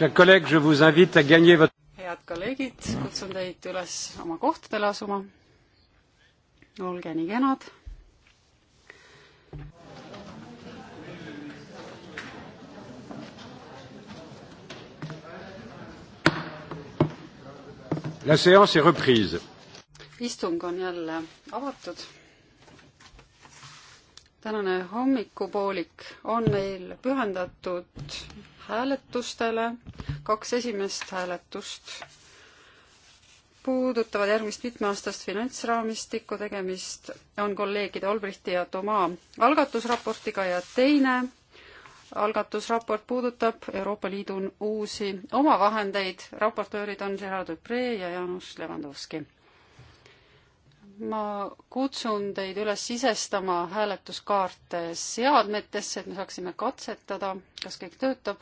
head kolleegid, kutsun teid üles oma kohtadele asuma. olge nii kenad La séance est reprise. Istung on jälle avatud tänane hommikupoolik on meil pühendatud hääletustele. kaks esimest hääletust puudutavad järgmist mitmeaastast finantsraamistikku, tegemist on kolleegide Olbrichti ja Toma algatusraportiga ja teine algatusraport puudutab Euroopa Liidu uusi omavahendeid. raportöörid on Gerard Dupre ja Jaanus Levandovski ma kutsun teid üles sisestama hääletuskaarte seadmetesse, et me saaksime katsetada, kas kõik töötab.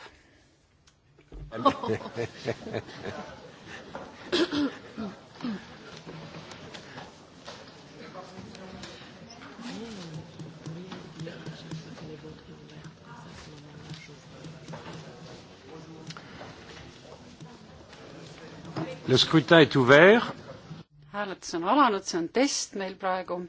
Le scrutin est ouvert hääletus on alanud, see on test meil praegu.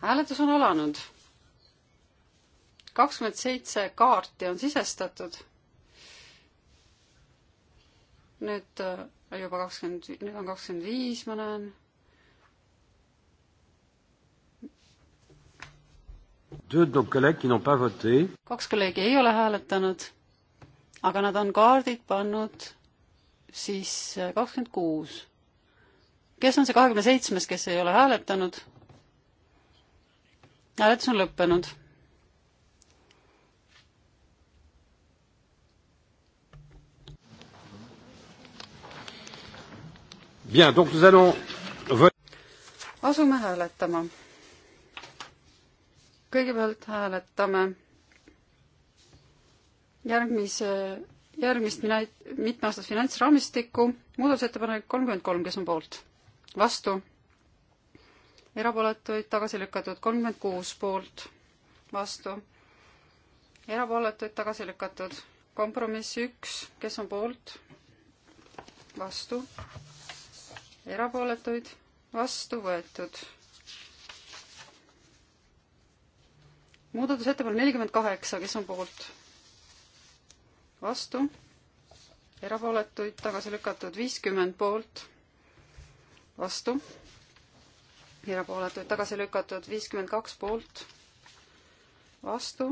hääletus on alanud. kakskümmend seitse kaarti on sisestatud. nüüd äh, juba kakskümmend, nüüd on kakskümmend viis, ma näen kaks kolleegi ei ole hääletanud, aga nad on kaardid pannud siis äh, kakskümmend kuus. kes on see kahekümne seitsmes, kes ei ole hääletanud? hääletus on lõppenud Bien, donc nous allons asume hääletama kõigepealt hääletame järgmise, järgmist mitmeaastast finantsraamistikku, muudatusettepanek kolmkümmend kolm, kes on poolt? vastu? erapooletuid tagasi lükatud kolmkümmend kuus poolt, vastu. erapooletuid tagasi lükatud, kompromiss üks, kes on poolt? vastu. erapooletuid vastu võetud muudatusettepanek nelikümmend kaheksa, kes on poolt? vastu, erapooletuid tagasi lükatud viiskümmend poolt, vastu, erapooletuid tagasi lükatud viiskümmend kaks poolt, vastu.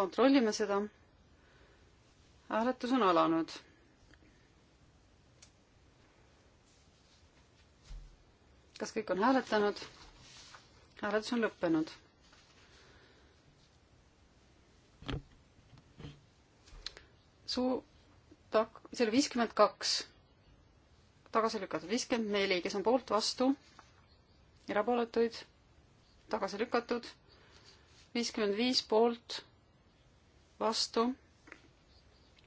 kontrollime seda. hääletus on alanud. kas kõik on hääletanud? hääletus on lõppenud. suu-, tak-, see oli viiskümmend kaks, tagasi lükatud viiskümmend neli, kes on poolt, vastu, erapooletuid, tagasi lükatud, viiskümmend viis poolt, vastu,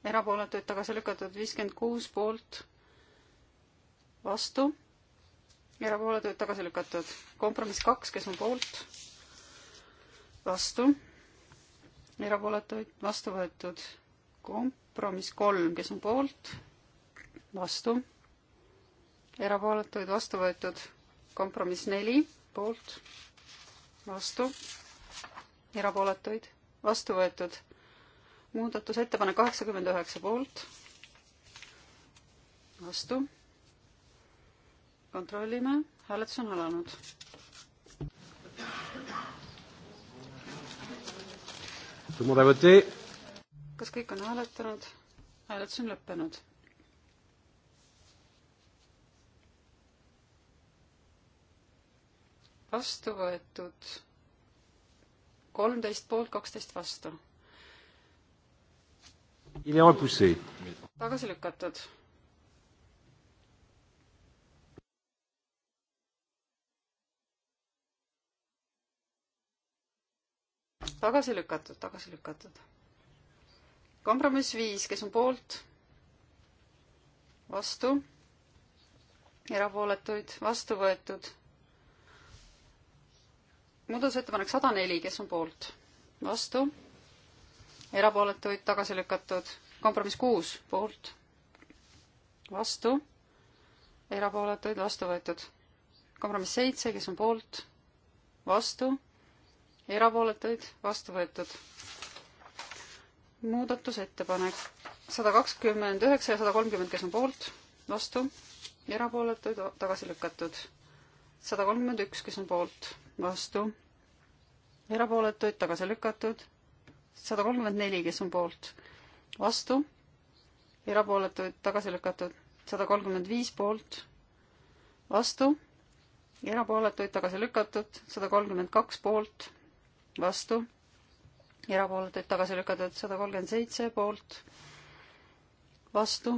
erapooletuid tagasi lükatud, viiskümmend kuus poolt, vastu erapooletuid tagasi lükatud. kompromiss kaks, kes on poolt, vastu, erapooletuid vastu võetud. kompromiss kolm, kes on poolt, vastu, erapooletuid vastu võetud. kompromiss neli, poolt, vastu, erapooletuid vastu võetud. muudatusettepanek kaheksakümmend üheksa poolt, vastu kontrollime, hääletus on alanud. kas kõik on hääletanud? hääletus on lõppenud. vastu võetud kolmteist poolt, kaksteist vastu. tagasi lükatud tagasi lükatud, tagasi lükatud. kompromiss viis, kes on poolt? vastu. erapooletuid, vastu võetud. muudatusettepanek sada neli, kes on poolt? vastu. erapooletuid, tagasi lükatud. kompromiss kuus, poolt. vastu. erapooletuid, vastu võetud. kompromiss seitse, kes on poolt? vastu erapooletuid, vastu võetud. muudatusettepanek sada kakskümmend üheksa ja sada kolmkümmend, kes on poolt, vastu, erapooletuid, tagasi lükatud. sada kolmkümmend üks, kes on poolt, vastu, erapooletuid, tagasi lükatud. sada kolmkümmend neli, kes on poolt, vastu, erapooletuid, tagasi lükatud. sada kolmkümmend viis poolt, vastu, erapooletuid, tagasi lükatud. sada kolmkümmend kaks poolt vastu, erapooletuid tagasi lükatud sada kolmkümmend seitse poolt, vastu,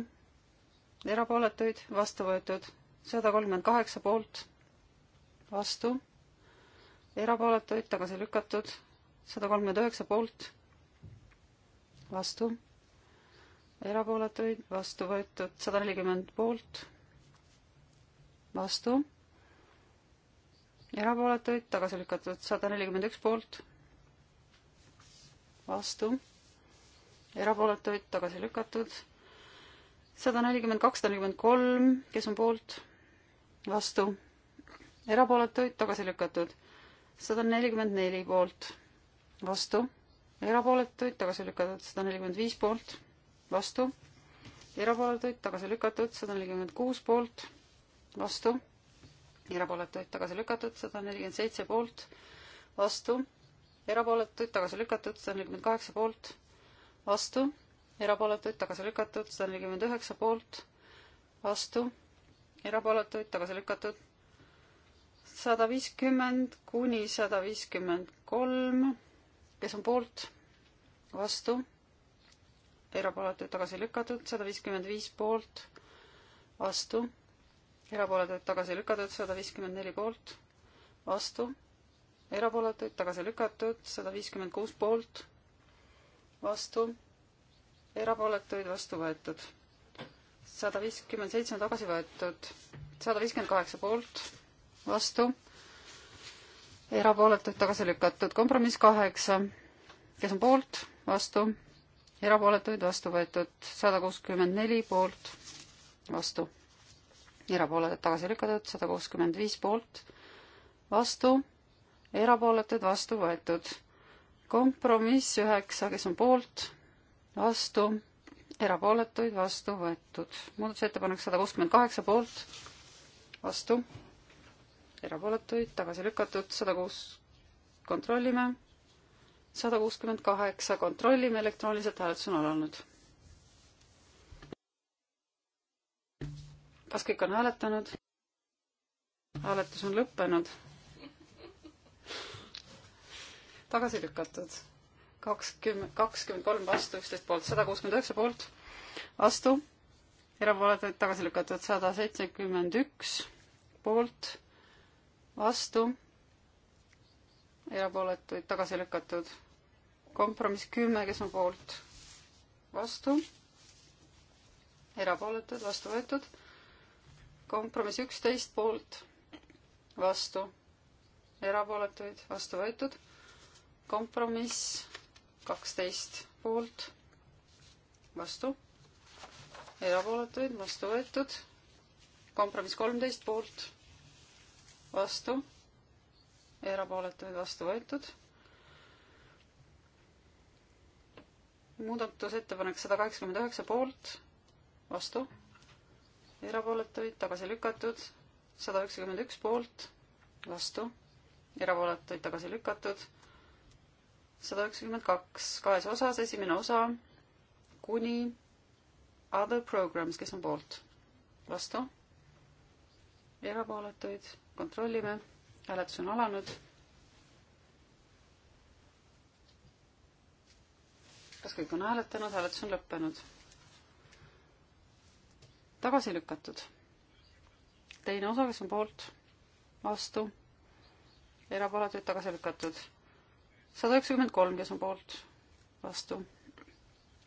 erapooletuid vastu võetud sada kolmkümmend kaheksa poolt, vastu, erapooletuid tagasi lükatud sada kolmkümmend üheksa poolt, vastu, erapooletuid vastu võetud sada nelikümmend poolt, vastu erapooletuid tagasi lükatud sada nelikümmend üks poolt, vastu, erapooletuid tagasi lükatud sada nelikümmend kaks, sada nelikümmend kolm, kes on poolt, vastu, erapooletuid tagasi lükatud sada nelikümmend neli poolt, vastu, erapooletuid tagasi lükatud sada nelikümmend viis poolt, vastu, erapooletuid tagasi lükatud sada nelikümmend kuus poolt, vastu erapooletuid tagasi lükatud, sada nelikümmend seitse poolt, vastu, erapooletuid tagasi lükatud, sada nelikümmend kaheksa poolt, vastu, erapooletuid tagasi lükatud, sada nelikümmend üheksa poolt, vastu, erapooletuid tagasi lükatud, sada viiskümmend kuni sada viiskümmend kolm, kes on poolt, vastu, erapooletuid tagasi lükatud, sada viiskümmend viis poolt, vastu erapooletuid tagasi lükatud, sada viiskümmend neli poolt, vastu, erapooletuid tagasi lükatud, sada viiskümmend kuus poolt, vastu, erapooletuid vastu võetud, sada viiskümmend seitse on tagasi võetud, sada viiskümmend kaheksa poolt, vastu, erapooletuid tagasi lükatud, kompromiss kaheksa, kes on poolt, vastu, erapooletuid vastu võetud, sada kuuskümmend neli poolt, vastu erapooletud tagasi lükatud, sada kuuskümmend viis poolt, vastu, erapooletud, vastu võetud. kompromiss üheksa, kes on poolt, vastu, erapooletuid, vastu võetud. muudatusettepanek sada kuuskümmend kaheksa poolt, vastu, erapooletuid, tagasi lükatud, sada kuus, kontrollime, sada kuuskümmend kaheksa, kontrollime, elektrooniliselt hääletus on alanud kas kõik on hääletanud? hääletus on lõppenud. tagasi lükatud. kakskümmend, kakskümmend kolm vastu, üksteist poolt, sada kuuskümmend üheksa poolt vastu, erapooletuid tagasi lükatud sada seitsekümmend üks poolt vastu, erapooletuid tagasi lükatud kompromiss kümme, kes on poolt vastu, erapooletud, vastu võetud kompromiss üksteist poolt, vastu, erapooletuid, vastu võetud. kompromiss kaksteist poolt, vastu, erapooletuid, vastu võetud. kompromiss kolmteist poolt, vastu, erapooletuid, vastu võetud. muudatusettepanek sada kaheksakümmend üheksa poolt, vastu erapooletuid tagasi lükatud, sada üheksakümmend üks poolt, vastu, erapooletuid tagasi lükatud, sada üheksakümmend kaks kahes osas, esimene osa kuni other programs, kes on poolt, vastu, erapooletuid kontrollime, hääletus on alanud kas kõik on hääletanud, hääletus on lõppenud tagasi lükatud. teine osa, kes on poolt, vastu, erapooletuid tagasi lükatud. sada üheksakümmend kolm, kes on poolt, vastu,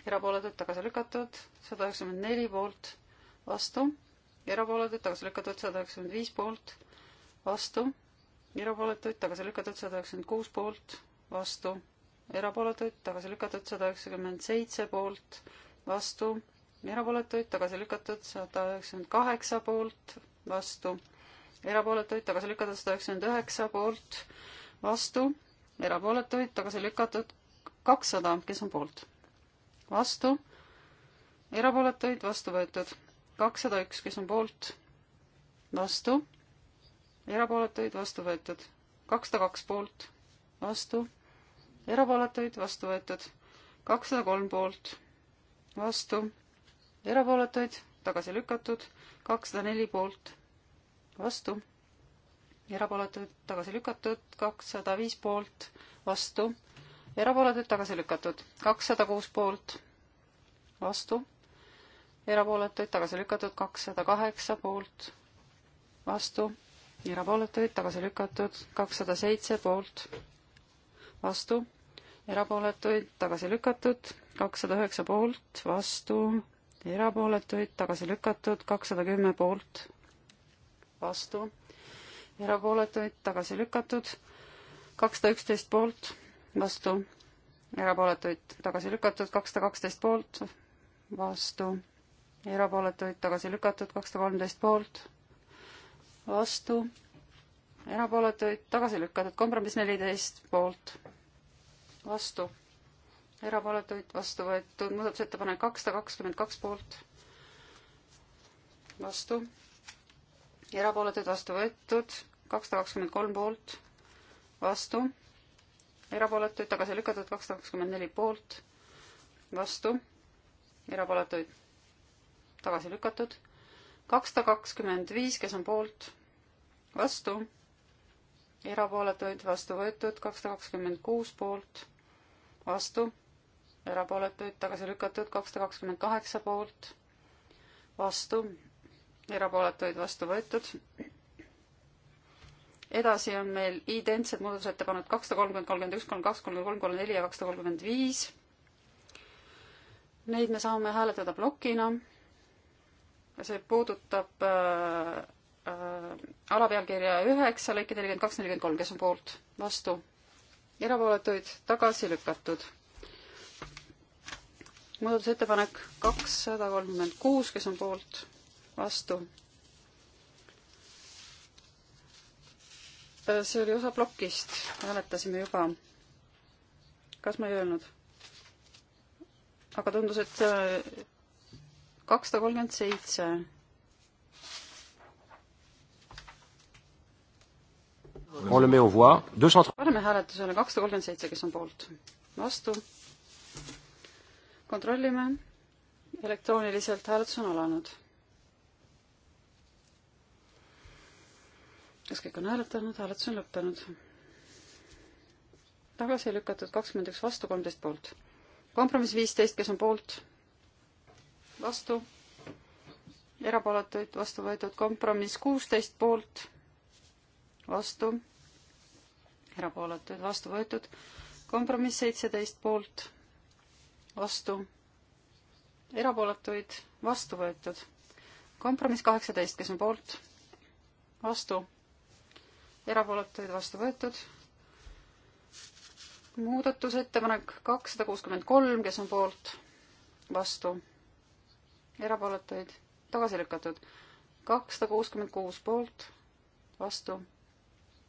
erapooletuid tagasi lükatud, sada üheksakümmend neli poolt, vastu, erapooletuid tagasi lükatud, sada üheksakümmend viis poolt, vastu, erapooletuid tagasi lükatud, sada üheksakümmend kuus poolt, vastu, erapooletuid tagasi lükatud, sada üheksakümmend seitse poolt, vastu, erapooletuid, tagasi lükatud sada üheksakümmend kaheksa poolt, vastu, erapooletuid, tagasi lükatud sada üheksakümmend üheksa poolt, vastu, erapooletuid, tagasi lükatud kakssada, kes on poolt, vastu, erapooletuid, vastu võetud kakssada üks, kes on poolt, vastu, erapooletuid, vastu võetud kakssada kaks poolt, vastu, erapooletuid, vastu võetud kakssada kolm poolt, vastu erapooletuid, tagasi lükatud, kakssada neli poolt, vastu, erapooletuid tagasi lükatud, kakssada viis poolt, vastu, erapooletuid tagasi lükatud, kakssada kuus poolt, vastu, erapooletuid tagasi lükatud, kakssada kaheksa poolt, vastu, erapooletuid tagasi lükatud, kakssada seitse poolt, vastu, erapooletuid tagasi lükatud, kakssada üheksa poolt, vastu, erapooletuid, tagasi lükatud, kakssada kümme poolt, vastu, erapooletuid, tagasi lükatud, kakssada üksteist poolt, vastu, erapooletuid, tagasi lükatud, kakssada kaksteist poolt, vastu, erapooletuid, tagasi lükatud, kakssada kolmteist poolt, vastu, erapooletuid, tagasi lükatud, kompromiss neliteist poolt, vastu erapooletuid vastu võetud, muudatusettepanek kakssada kakskümmend kaks poolt, vastu, erapooletuid vastu võetud, kakssada kakskümmend kolm poolt, vastu, erapooletuid tagasi lükatud, kakssada kakskümmend neli poolt, vastu, erapooletuid tagasi lükatud, kakssada kakskümmend viis, kes on poolt, vastu, erapooletuid vastu võetud, kakssada kakskümmend kuus poolt, vastu erapooletuid tagasi lükatud, kakssada kakskümmend kaheksa poolt, vastu, erapooletuid vastu võetud. edasi on meil identsed muudatusettepanekud kakssada kolmkümmend, kolmkümmend üks, kolmkümmend kaks, kolmkümmend kolm, kolmkümmend neli ja kakssada kolmkümmend viis. Neid me saame hääletada plokina. see puudutab äh, äh, alapealkirja üheksa, lõike nelikümmend kaks, nelikümmend kolm, kes on poolt, vastu, erapooletuid tagasi lükatud muudatusettepanek kakssada kolmkümmend kuus, kes on poolt, vastu. Äh, see oli osa plokist, hääletasime juba. kas ma ei öelnud? aga tundus, et äh, kakssada kolmkümmend seitse. paneme hääletusele kakssada kolmkümmend seitse, kes on poolt, vastu kontrollime, elektrooniliselt hääletus on alanud. kas kõik on hääletanud, hääletus on lõppenud. tagasi lükatud kakskümmend üks vastu, kolmteist poolt. kompromiss viisteist, kes on poolt? vastu. erapooletuid vastu võetud kompromiss kuusteist poolt. vastu. erapooletuid vastu võetud kompromiss seitseteist poolt vastu, erapooletuid, vastu võetud. kompromiss kaheksateist, kes on poolt, vastu, erapooletuid, vastu võetud. muudatusettepanek kakssada kuuskümmend kolm, kes on poolt, vastu, erapooletuid, tagasi lükatud. kakssada kuuskümmend kuus poolt, vastu,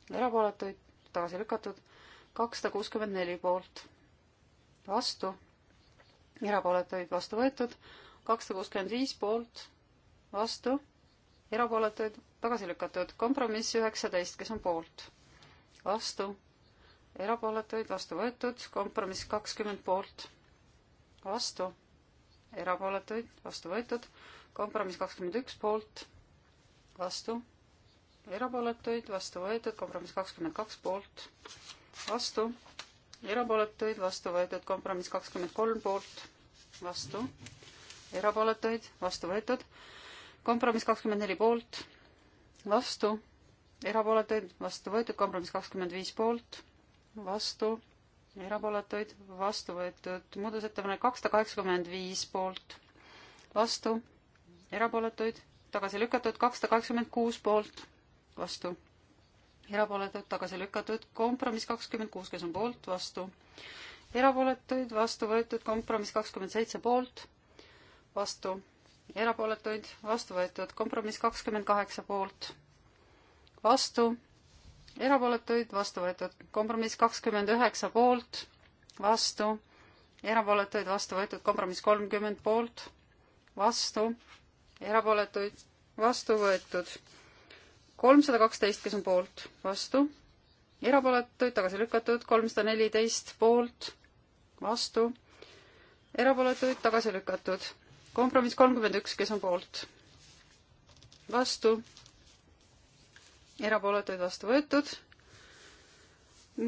erapooletuid, tagasi lükatud. kakssada kuuskümmend neli poolt, vastu erapooletuid vastu võetud, kakssada kuuskümmend viis poolt, vastu, erapooletuid tagasi lükatud, kompromiss üheksateist, kes on poolt, vastu, erapooletuid vastu võetud, kompromiss kakskümmend poolt, vastu, erapooletuid vastu võetud, kompromiss kakskümmend üks poolt, vastu, erapooletuid vastu võetud, kompromiss kakskümmend kaks poolt, vastu erapooletuid, vastu võetud, kompromiss kakskümmend kolm poolt, vastu, erapooletuid, vastu võetud, kompromiss kakskümmend neli poolt, vastu, erapooletuid, vastu võetud, kompromiss kakskümmend viis poolt, vastu, erapooletuid, vastu võetud, muudatusettepanek kakssada kaheksakümmend viis poolt, vastu, erapooletuid, tagasi lükatud, kakssada kaheksakümmend kuus poolt, vastu erapooletud, tagasi lükatud, kompromiss kakskümmend kuus, kes on poolt, vastu, erapooletuid, vastu võetud, kompromiss kakskümmend seitse poolt, vastu, erapooletuid, vastu võetud, kompromiss kakskümmend kaheksa poolt, vastu, erapooletuid, vastu võetud, kompromiss kakskümmend üheksa poolt, vastu, erapooletuid, vastu võetud, kompromiss kolmkümmend poolt, vastu, erapooletuid, vastu võetud kolmsada kaksteist, kes on poolt, vastu, erapooletuid tagasi lükatud, kolmsada neliteist poolt, vastu, erapooletuid tagasi lükatud. kompromiss kolmkümmend üks, kes on poolt, vastu, erapooletuid vastu võetud.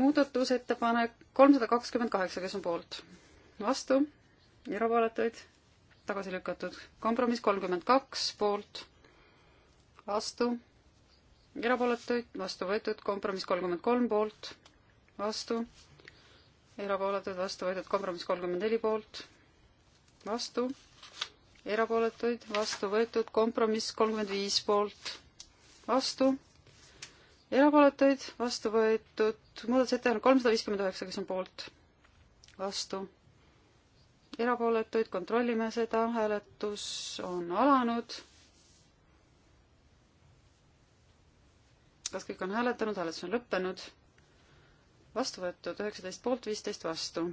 muudatusettepanek kolmsada kakskümmend kaheksa, kes on poolt, vastu, erapooletuid tagasi lükatud. kompromiss kolmkümmend kaks poolt, vastu erapooletuid, vastu võetud, kompromiss kolmkümmend kolm poolt, vastu, erapooletuid, vastu võetud, kompromiss kolmkümmend neli poolt, vastu, erapooletuid, vastu võetud, kompromiss kolmkümmend viis poolt, vastu, erapooletuid, vastu võetud, muudatusettepanek kolmsada viiskümmend üheksa, kes on poolt, vastu, erapooletuid, kontrollime seda, hääletus on alanud kas kõik on hääletanud, hääletus on lõppenud, vastu võetud üheksateist poolt, viisteist vastu.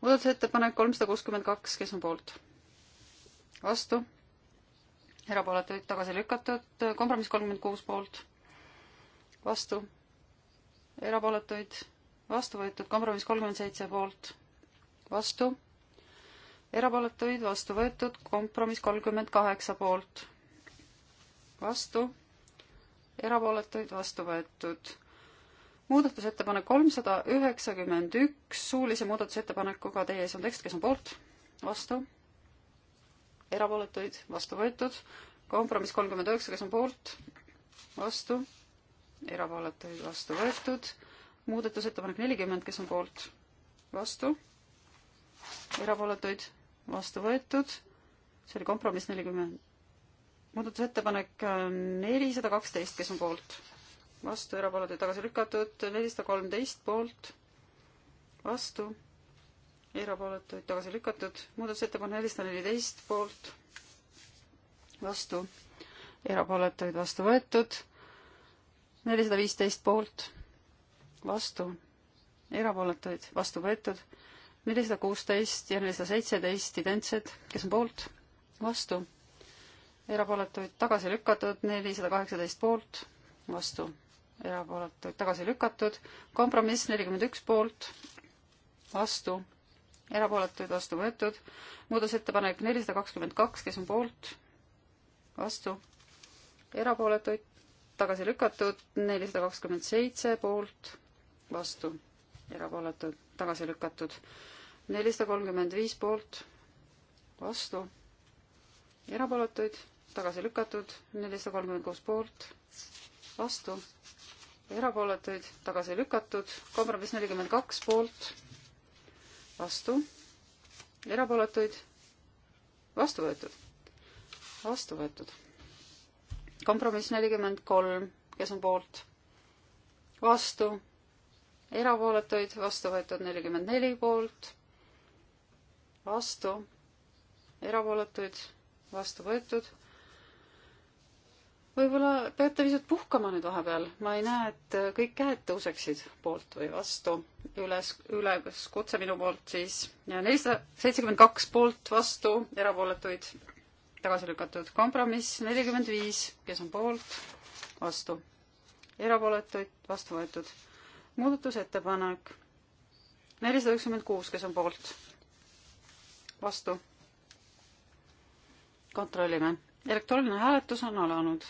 muudatusettepanek kolmsada kuuskümmend kaks, kes on poolt? vastu, erapooletuid tagasi lükatud, kompromiss kolmkümmend kuus poolt, vastu, erapooletuid vastu võetud, kompromiss kolmkümmend seitse poolt, vastu, erapooletuid vastu võetud, kompromiss kolmkümmend kaheksa poolt, vastu erapooletuid vastu võetud. muudatusettepanek kolmsada üheksakümmend üks suulise muudatusettepanekuga teie ees on tekst, kes on poolt, vastu, erapooletuid vastu võetud, kompromiss kolmkümmend üheksa, kes on poolt, vastu, erapooletuid vastu võetud, muudatusettepanek nelikümmend, kes on poolt, vastu, erapooletuid vastu võetud, see oli kompromiss nelikümmend muudatusettepanek äh, nelisada kaksteist, kes on poolt? vastu, erapooletuid tagasi lükatud, nelisada kolmteist poolt, vastu, erapooletuid tagasi lükatud, muudatusettepanek nelisada neliteist poolt, vastu, erapooletuid vastu võetud, nelisada viisteist poolt, vastu, erapooletuid vastu võetud, nelisada kuusteist ja nelisada seitseteist identsed, kes on poolt, vastu erapooletuid tagasi lükatud, nelisada kaheksateist poolt, vastu, erapooletuid tagasi lükatud, kompromiss nelikümmend üks poolt, vastu, erapooletuid vastu võetud, muudatusettepanek nelisada kakskümmend kaks, kes on poolt, vastu, erapooletuid tagasi lükatud, nelisada kakskümmend seitse poolt, vastu, erapooletuid tagasi lükatud, nelisada kolmkümmend viis poolt, vastu, erapooletuid tagasi lükatud, nelisada kolmkümmend kuus poolt, vastu, erapooletuid tagasi lükatud, kompromiss nelikümmend kaks poolt, vastu, erapooletuid vastu võetud, vastu võetud. kompromiss nelikümmend kolm, kes on poolt, vastu, erapooletuid vastu võetud nelikümmend neli poolt, vastu, erapooletuid vastu võetud võib-olla peate pisut puhkama nüüd vahepeal, ma ei näe, et kõik käed tõuseksid poolt või vastu. üles, üleskutse minu poolt siis ja nelisada seitsekümmend kaks poolt, vastu, erapooletuid tagasi lükatud. kompromiss nelikümmend viis, kes on poolt, vastu, erapooletuid vastu võetud. muudatusettepanek nelisada üheksakümmend kuus, kes on poolt, vastu. kontrollime elektrooniline hääletus on alanud.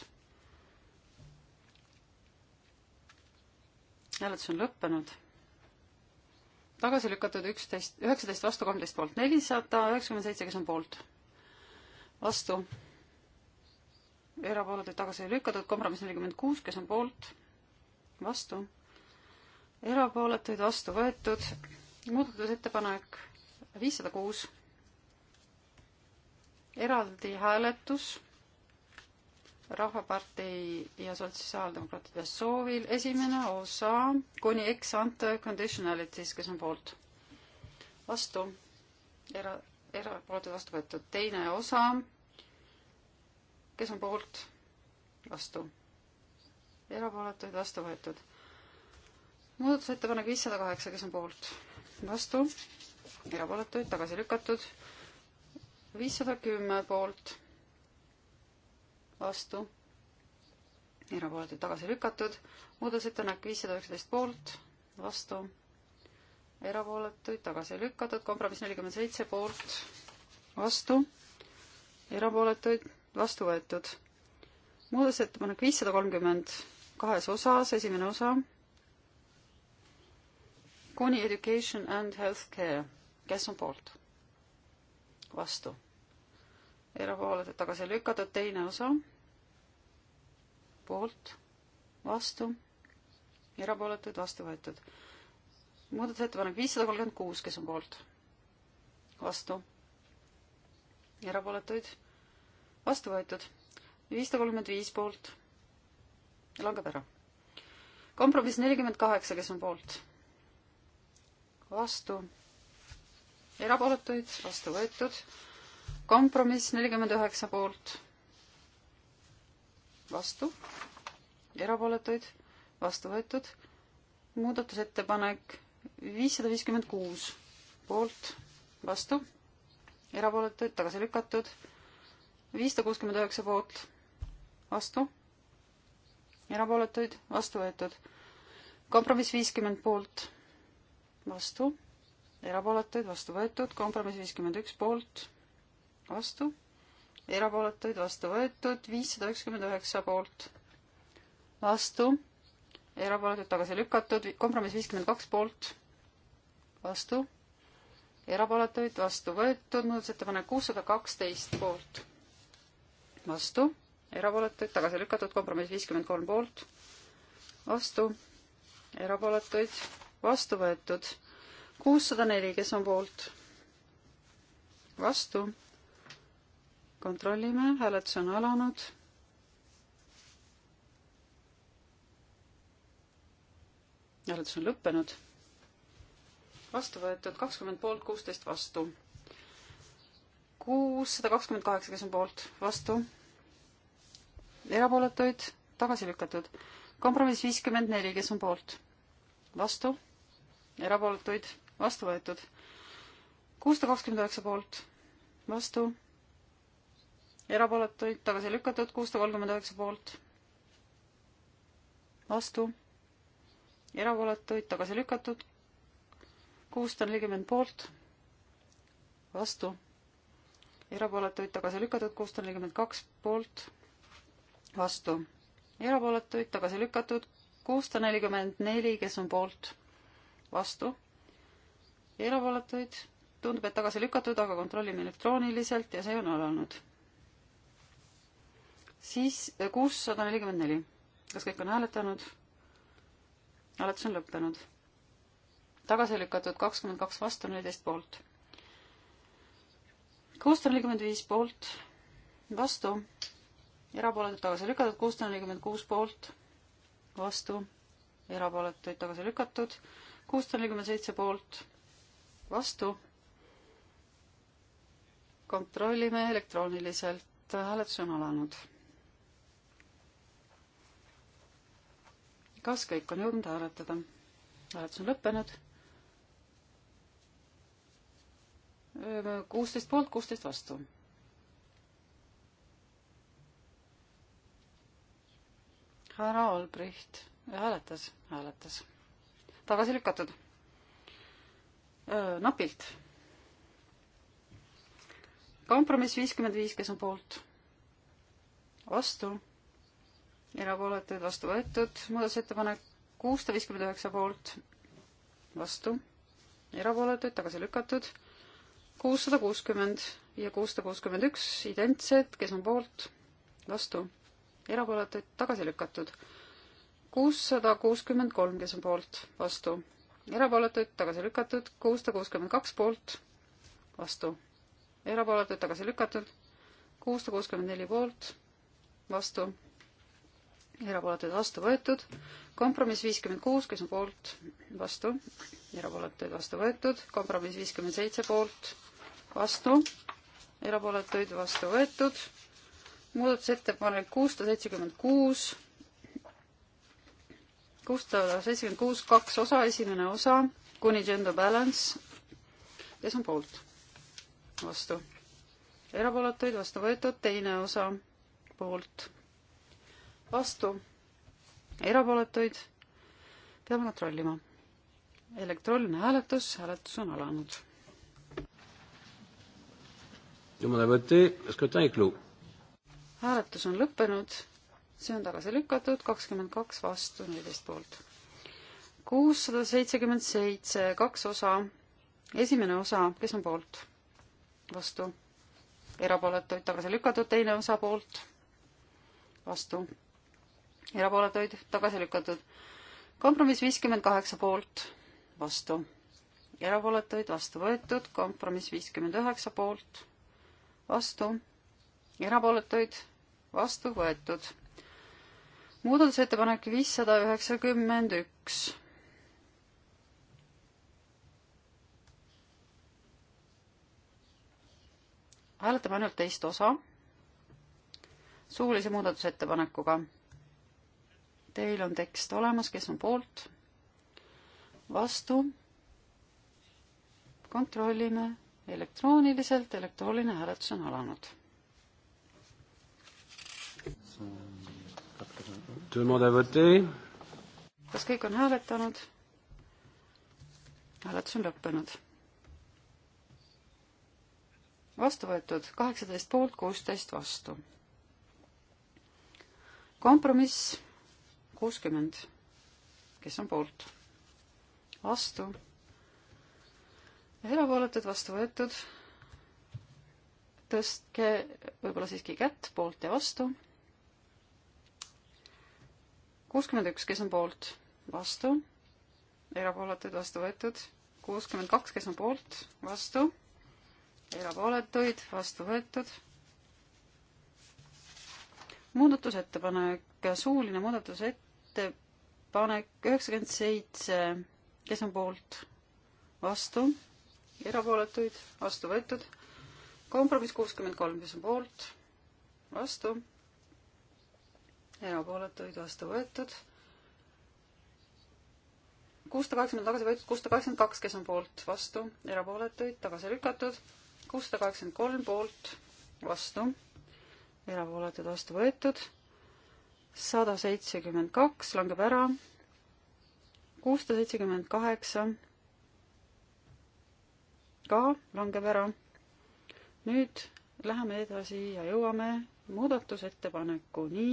hääletus on lõppenud. tagasi lükatud üksteist, üheksateist vastu, kolmteist poolt, nelisada üheksakümmend seitse, kes on poolt? vastu. erapooletuid tagasi lükatud, kompromiss nelikümmend kuus, kes on poolt? vastu. erapooletuid vastu võetud, muudatusettepanek viissada kuus. eraldi hääletus Rahvapartei ja Sotsiaaldemokraatide soovil esimene osa kuni ex ante conditionalities, kes on poolt. vastu, era, erapooletud vastu võetud. teine osa, kes on poolt, vastu, erapooletuid vastu võetud. muudatusettepanek viissada kaheksa, kes on poolt, vastu, erapooletuid tagasi lükatud, viissada kümme poolt vastu, erapooletud tagasi lükatud, muudatusettepanek viissada üheksateist poolt, vastu, erapooletuid tagasi lükatud, kompromiss nelikümmend seitse poolt, vastu, erapooletuid vastu võetud. muudatusettepanek viissada kolmkümmend kahes osas, esimene osa kuni education and health care, kes on poolt? vastu erapooletud tagasi lükatud, teine osa poolt, vastu, erapooletud, vastu võetud. muudatusettepanek viissada kolmkümmend kuus, kes on poolt, vastu, erapooletuid, vastu võetud, viissada kolmkümmend viis poolt, langeb ära. kompromiss nelikümmend kaheksa, kes on poolt, vastu, erapooletuid, vastu võetud kompromiss nelikümmend üheksa poolt, vastu, erapooletuid, vastu võetud, muudatusettepanek viissada viiskümmend kuus poolt, vastu, erapooletuid tagasi lükatud, viissada kuuskümmend üheksa poolt, vastu, erapooletuid vastu võetud, kompromiss viiskümmend poolt, vastu, erapooletuid vastu võetud, kompromiss viiskümmend üks poolt vastu, erapooletuid vastu võetud, viissada üheksakümmend üheksa poolt, vastu, erapooletuid tagasi lükatud, kompromiss viiskümmend kaks poolt, vastu, erapooletuid vastu võetud, muudatusettepanek kuussada kaksteist poolt, vastu, erapooletuid tagasi lükatud, kompromiss viiskümmend kolm poolt, vastu, erapooletuid vastu võetud, kuussada neli, kes on poolt, vastu kontrollime, hääletus on alanud. hääletus on lõppenud. vastu võetud kakskümmend poolt, kuusteist vastu. kuussada kakskümmend kaheksa, kes on poolt, vastu. erapooletuid tagasi lükatud. kompromiss viiskümmend neli, kes on poolt, vastu. erapooletuid vastu võetud. kuussada kakskümmend üheksa poolt, vastu erapooletuid tagasi lükatud, kuussada kolmkümmend üheksa poolt, vastu, erapooletuid tagasi lükatud, kuussada nelikümmend poolt, vastu, erapooletuid tagasi lükatud, kuussada nelikümmend kaks poolt, vastu, erapooletuid tagasi lükatud, kuussada nelikümmend neli, kes on poolt, vastu, erapooletuid tundub, et tagasi lükatud, aga kontrollime elektrooniliselt ja see on alanud siis kuussada nelikümmend neli. kas kõik on hääletanud? hääletus on lõppenud. tagasi lükatud kakskümmend kaks vastu, neliteist poolt. kuussada nelikümmend viis poolt, vastu, erapooletud tagasi lükatud, kuussada nelikümmend kuus poolt, vastu, erapooletuid tagasi lükatud, kuussada nelikümmend seitse poolt, vastu. kontrollime elektrooniliselt, hääletus on alanud kas kõik on jõudnud hääletada? hääletus on lõppenud. kuusteist poolt, kuusteist vastu. härra Albrecht hääletas, hääletas. tagasi lükatud. napilt. kompromiss viiskümmend viis, kes on poolt? vastu erapooletuid vastu võetud, muudatusettepanek kuussada viiskümmend üheksa poolt vastu, erapooletuid tagasi lükatud, kuussada kuuskümmend ja kuussada kuuskümmend üks identsed, kes on poolt, vastu, erapooletuid tagasi lükatud, kuussada kuuskümmend kolm, kes on poolt, vastu, erapooletuid tagasi lükatud, kuussada kuuskümmend kaks poolt, vastu, erapooletuid tagasi lükatud, kuussada kuuskümmend neli poolt, vastu erapooletuid vastu võetud. kompromiss viiskümmend kuus, kes on poolt, vastu, erapooletuid vastu võetud. kompromiss viiskümmend seitse poolt, vastu, erapooletuid vastu võetud. muudatusettepanek kuussada seitsekümmend kuus, kuussada seitsekümmend kuus, kaks osa, esimene osa kuni gender balance. kes on poolt? vastu. erapooletuid vastu võetud, teine osa poolt vastu, erapooletuid peame kontrollima. elektrooniline hääletus, hääletus on alanud. hääletus on lõppenud, see on tagasi lükatud, kakskümmend kaks vastu, neliteist poolt. kuussada seitsekümmend seitse, kaks osa, esimene osa, kes on poolt? vastu erapooletuid tagasi lükatud, teine osapoolt vastu, erapooletuid tagasi lükatud. kompromiss viiskümmend kaheksa poolt, vastu, erapooletuid vastu võetud, kompromiss viiskümmend üheksa poolt, vastu, erapooletuid vastu võetud. muudatusettepanek viissada üheksakümmend üks. hääletame ainult teist osa suulise muudatusettepanekuga Teil on tekst olemas, kes on poolt? vastu? kontrollime elektrooniliselt, elektrooniline hääletus on alanud. kas kõik on hääletanud? hääletus on lõppenud. vastu võetud kaheksateist poolt, kuusteist vastu. kompromiss kuuskümmend, kes on poolt, vastu, erapooletud, vastu võetud, tõstke võib-olla siiski kätt poolt ja vastu. kuuskümmend üks, kes on poolt, vastu, erapooletud, vastu võetud, kuuskümmend kaks, kes on poolt, vastu, erapooletuid, vastu võetud muudatusettepanek, suuline muudatusettepanek ettepanek üheksakümmend seitse, kes on poolt, vastu, erapooletuid, vastu võetud. kompromiss kuuskümmend kolm, kes on poolt, vastu, erapooletuid, vastu võetud. kuussada kaheksakümmend tagasi võetud, kuussada kaheksakümmend kaks, kes on poolt, vastu, erapooletuid, tagasi lükatud. kuussada kaheksakümmend kolm poolt, vastu, erapooletuid, vastu võetud sada seitsekümmend kaks langeb ära, kuussada seitsekümmend kaheksa ka langeb ära. nüüd läheme edasi ja jõuame muudatusettepanekuni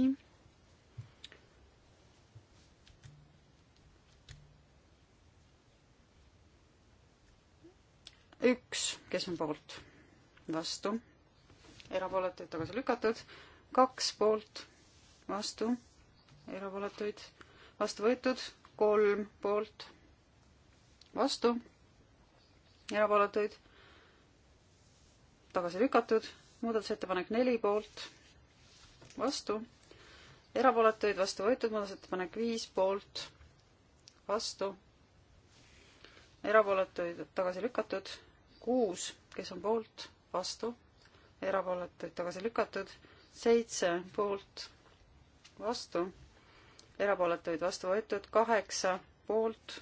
üks, kes on poolt, vastu, erapooletuid tagasi lükatud, kaks poolt, vastu, erapooletuid vastu võetud, kolm poolt, vastu, erapooletuid tagasi lükatud, muudatusettepanek neli poolt, vastu, erapooletuid vastu võetud, muudatusettepanek viis poolt, vastu, erapooletuid tagasi lükatud, kuus, kes on poolt, vastu, erapooletuid tagasi lükatud, seitse poolt vastu, erapooletuid vastu võetud kaheksa poolt,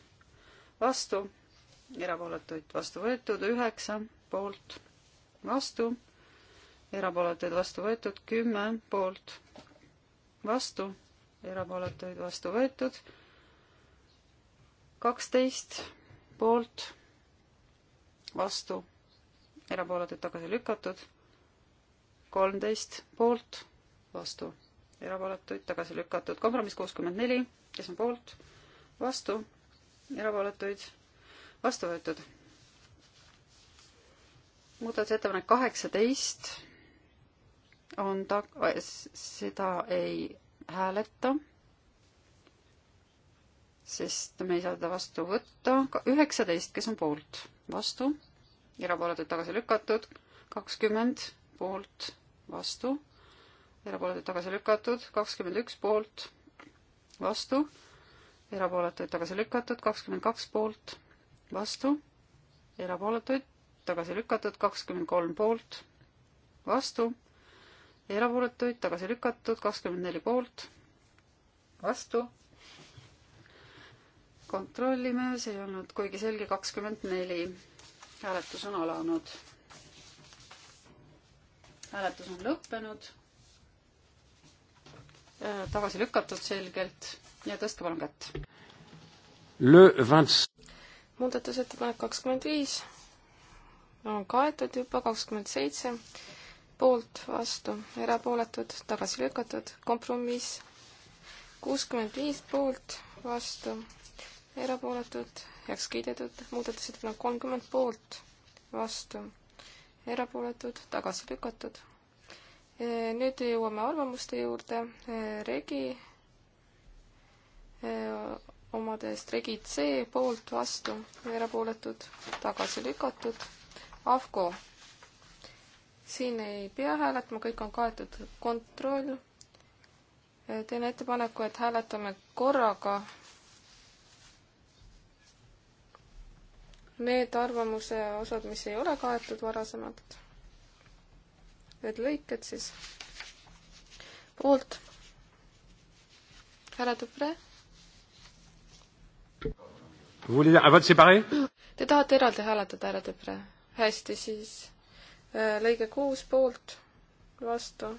vastu, erapooletuid vastu võetud üheksa poolt, vastu, erapooletuid vastu võetud kümme poolt, vastu, erapooletuid vastu võetud kaksteist poolt, vastu, erapooletuid tagasi lükatud kolmteist poolt, vastu erapooletuid tagasi lükatud. kompromiss kuuskümmend neli, kes on poolt, vastu, erapooletuid vastu võetud. muudatusettepanek kaheksateist on ta-, äh, seda ei hääleta, sest me ei saa teda vastu võtta. üheksateist, kes on poolt, vastu, erapooletuid tagasi lükatud, kakskümmend poolt, vastu erapooletuid tagasi lükatud, kakskümmend üks poolt, vastu, erapooletuid tagasi lükatud, kakskümmend kaks poolt, vastu, erapooletuid tagasi lükatud, kakskümmend kolm poolt, vastu, erapooletuid tagasi lükatud, kakskümmend neli poolt, vastu. kontrollime, see ei olnud kuigi selge, kakskümmend neli. hääletus on alanud. hääletus on lõppenud Äh, tagasi lükatud selgelt ja tõstke palun kätt. muudatusettepanek kakskümmend viis on kaetud juba, kakskümmend seitse poolt, vastu, erapooletud, tagasi lükatud, kompromiss kuuskümmend viis poolt, vastu, erapooletud, heaks kiidetud, muudatusettepanek kolmkümmend poolt, vastu, erapooletud, tagasi lükatud nüüd jõuame arvamuste juurde. Regi omadest Regi C poolt vastu, erapooletud, tagasi lükatud. AFCO, siin ei pea hääletama, kõik on kaetud. kontroll, teen ettepaneku, et hääletame korraga need arvamuse osad, mis ei ole kaetud varasemalt need lõiked siis. poolt. härra Tupre. Te tahate eraldi hääletada, härra Tupre? hästi, siis äh, lõige kuus poolt, vastu,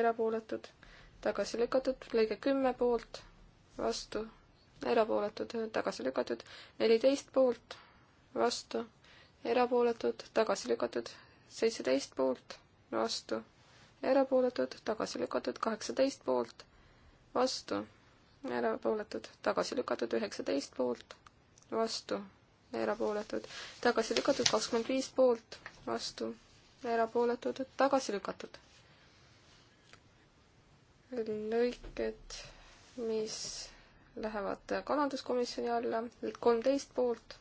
erapooletud, tagasi lükatud, lõige kümme poolt, vastu, erapooletud, tagasi lükatud, neliteist poolt, vastu, erapooletud, tagasi lükatud, seitseteist poolt vastu, erapooletud, tagasi lükatud, kaheksateist poolt, vastu, erapooletud, tagasi lükatud, üheksateist poolt, vastu, erapooletud, tagasi lükatud, kakskümmend viis poolt, vastu, erapooletud, tagasi lükatud. lõiked, mis lähevad kalanduskomisjoni alla, kolmteist poolt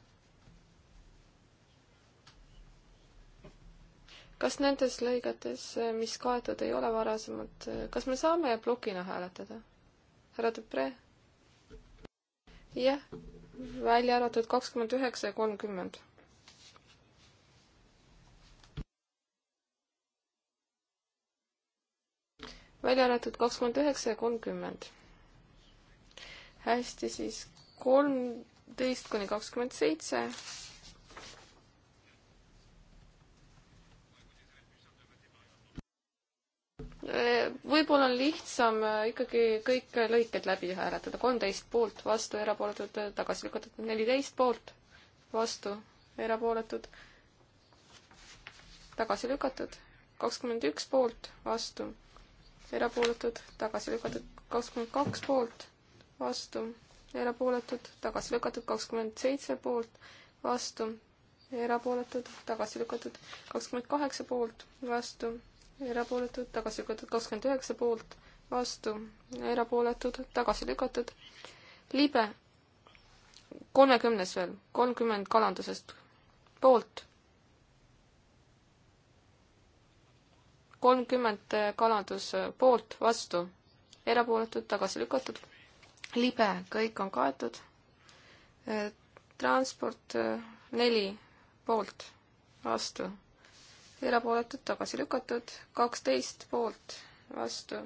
kas nendes lõigetes, eh, mis kaetud ei ole varasemalt, eh, kas me saame plokina hääletada? härra Dupre? jah, välja arvatud kakskümmend üheksa ja kolmkümmend. välja arvatud kakskümmend üheksa ja kolmkümmend. hästi, siis kolmteist kuni kakskümmend seitse võib-olla on lihtsam äh, ikkagi kõik lõiked läbi hääletada, kolmteist poolt, vastu, erapooletud, tagasi lükatud, neliteist poolt, vastu, erapooletud, tagasi lükatud, kakskümmend üks poolt, vastu, erapooletud, tagasi lükatud, kakskümmend kaks poolt, vastu, erapooletud, tagasi lükatud, kakskümmend seitse poolt, vastu, erapooletud, tagasi lükatud, kakskümmend kaheksa poolt, vastu erapooletud, tagasi lükatud kakskümmend üheksa poolt, vastu, erapooletud, tagasi lükatud. libe, kolmekümnes veel, kolmkümmend kalandusest, poolt. kolmkümmend kalandus poolt, vastu, erapooletud, tagasi lükatud. libe, kõik on kaetud. transport neli poolt, vastu erapooletud, tagasi lükatud, kaksteist poolt, vastu,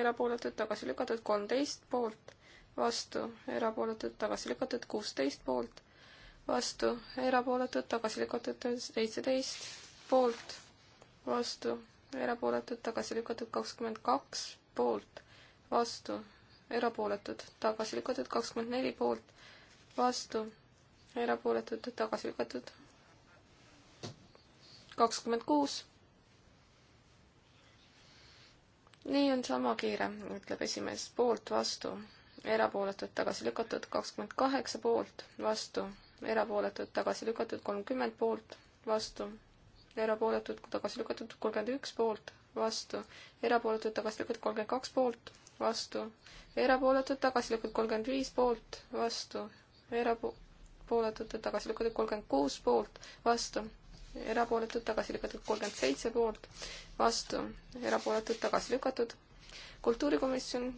erapooletud, tagasi lükatud, kolmteist poolt, vastu, erapooletud, tagasi lükatud, kuusteist poolt, vastu, erapooletud, tagasi lükatud, seitseteist poolt, vastu, erapooletud, tagasi lükatud, kakskümmend kaks poolt, vastu, erapooletud, tagasi lükatud, kakskümmend neli poolt, vastu, erapooletud, tagasi lükatud, kakskümmend kuus. nii on sama kiire, ütleb esimees, poolt, vastu, erapooletud, tagasi lükatud, kakskümmend kaheksa poolt, vastu, erapooletud, tagasi lükatud, kolmkümmend poolt, vastu, erapooletud, tagasi lükatud, kolmkümmend üks poolt, vastu, erapooletud, tagasi lükatud, kolmkümmend kaks poolt, vastu, erapooletud, tagasi lükatud, kolmkümmend viis poolt, vastu, erapo-, pooletute tagasi lükatud kolmkümmend kuus poolt, vastu, erapooletud, tagasi lükatud kolmkümmend seitse poolt, vastu, erapooletud, tagasi lükatud. kultuurikomisjon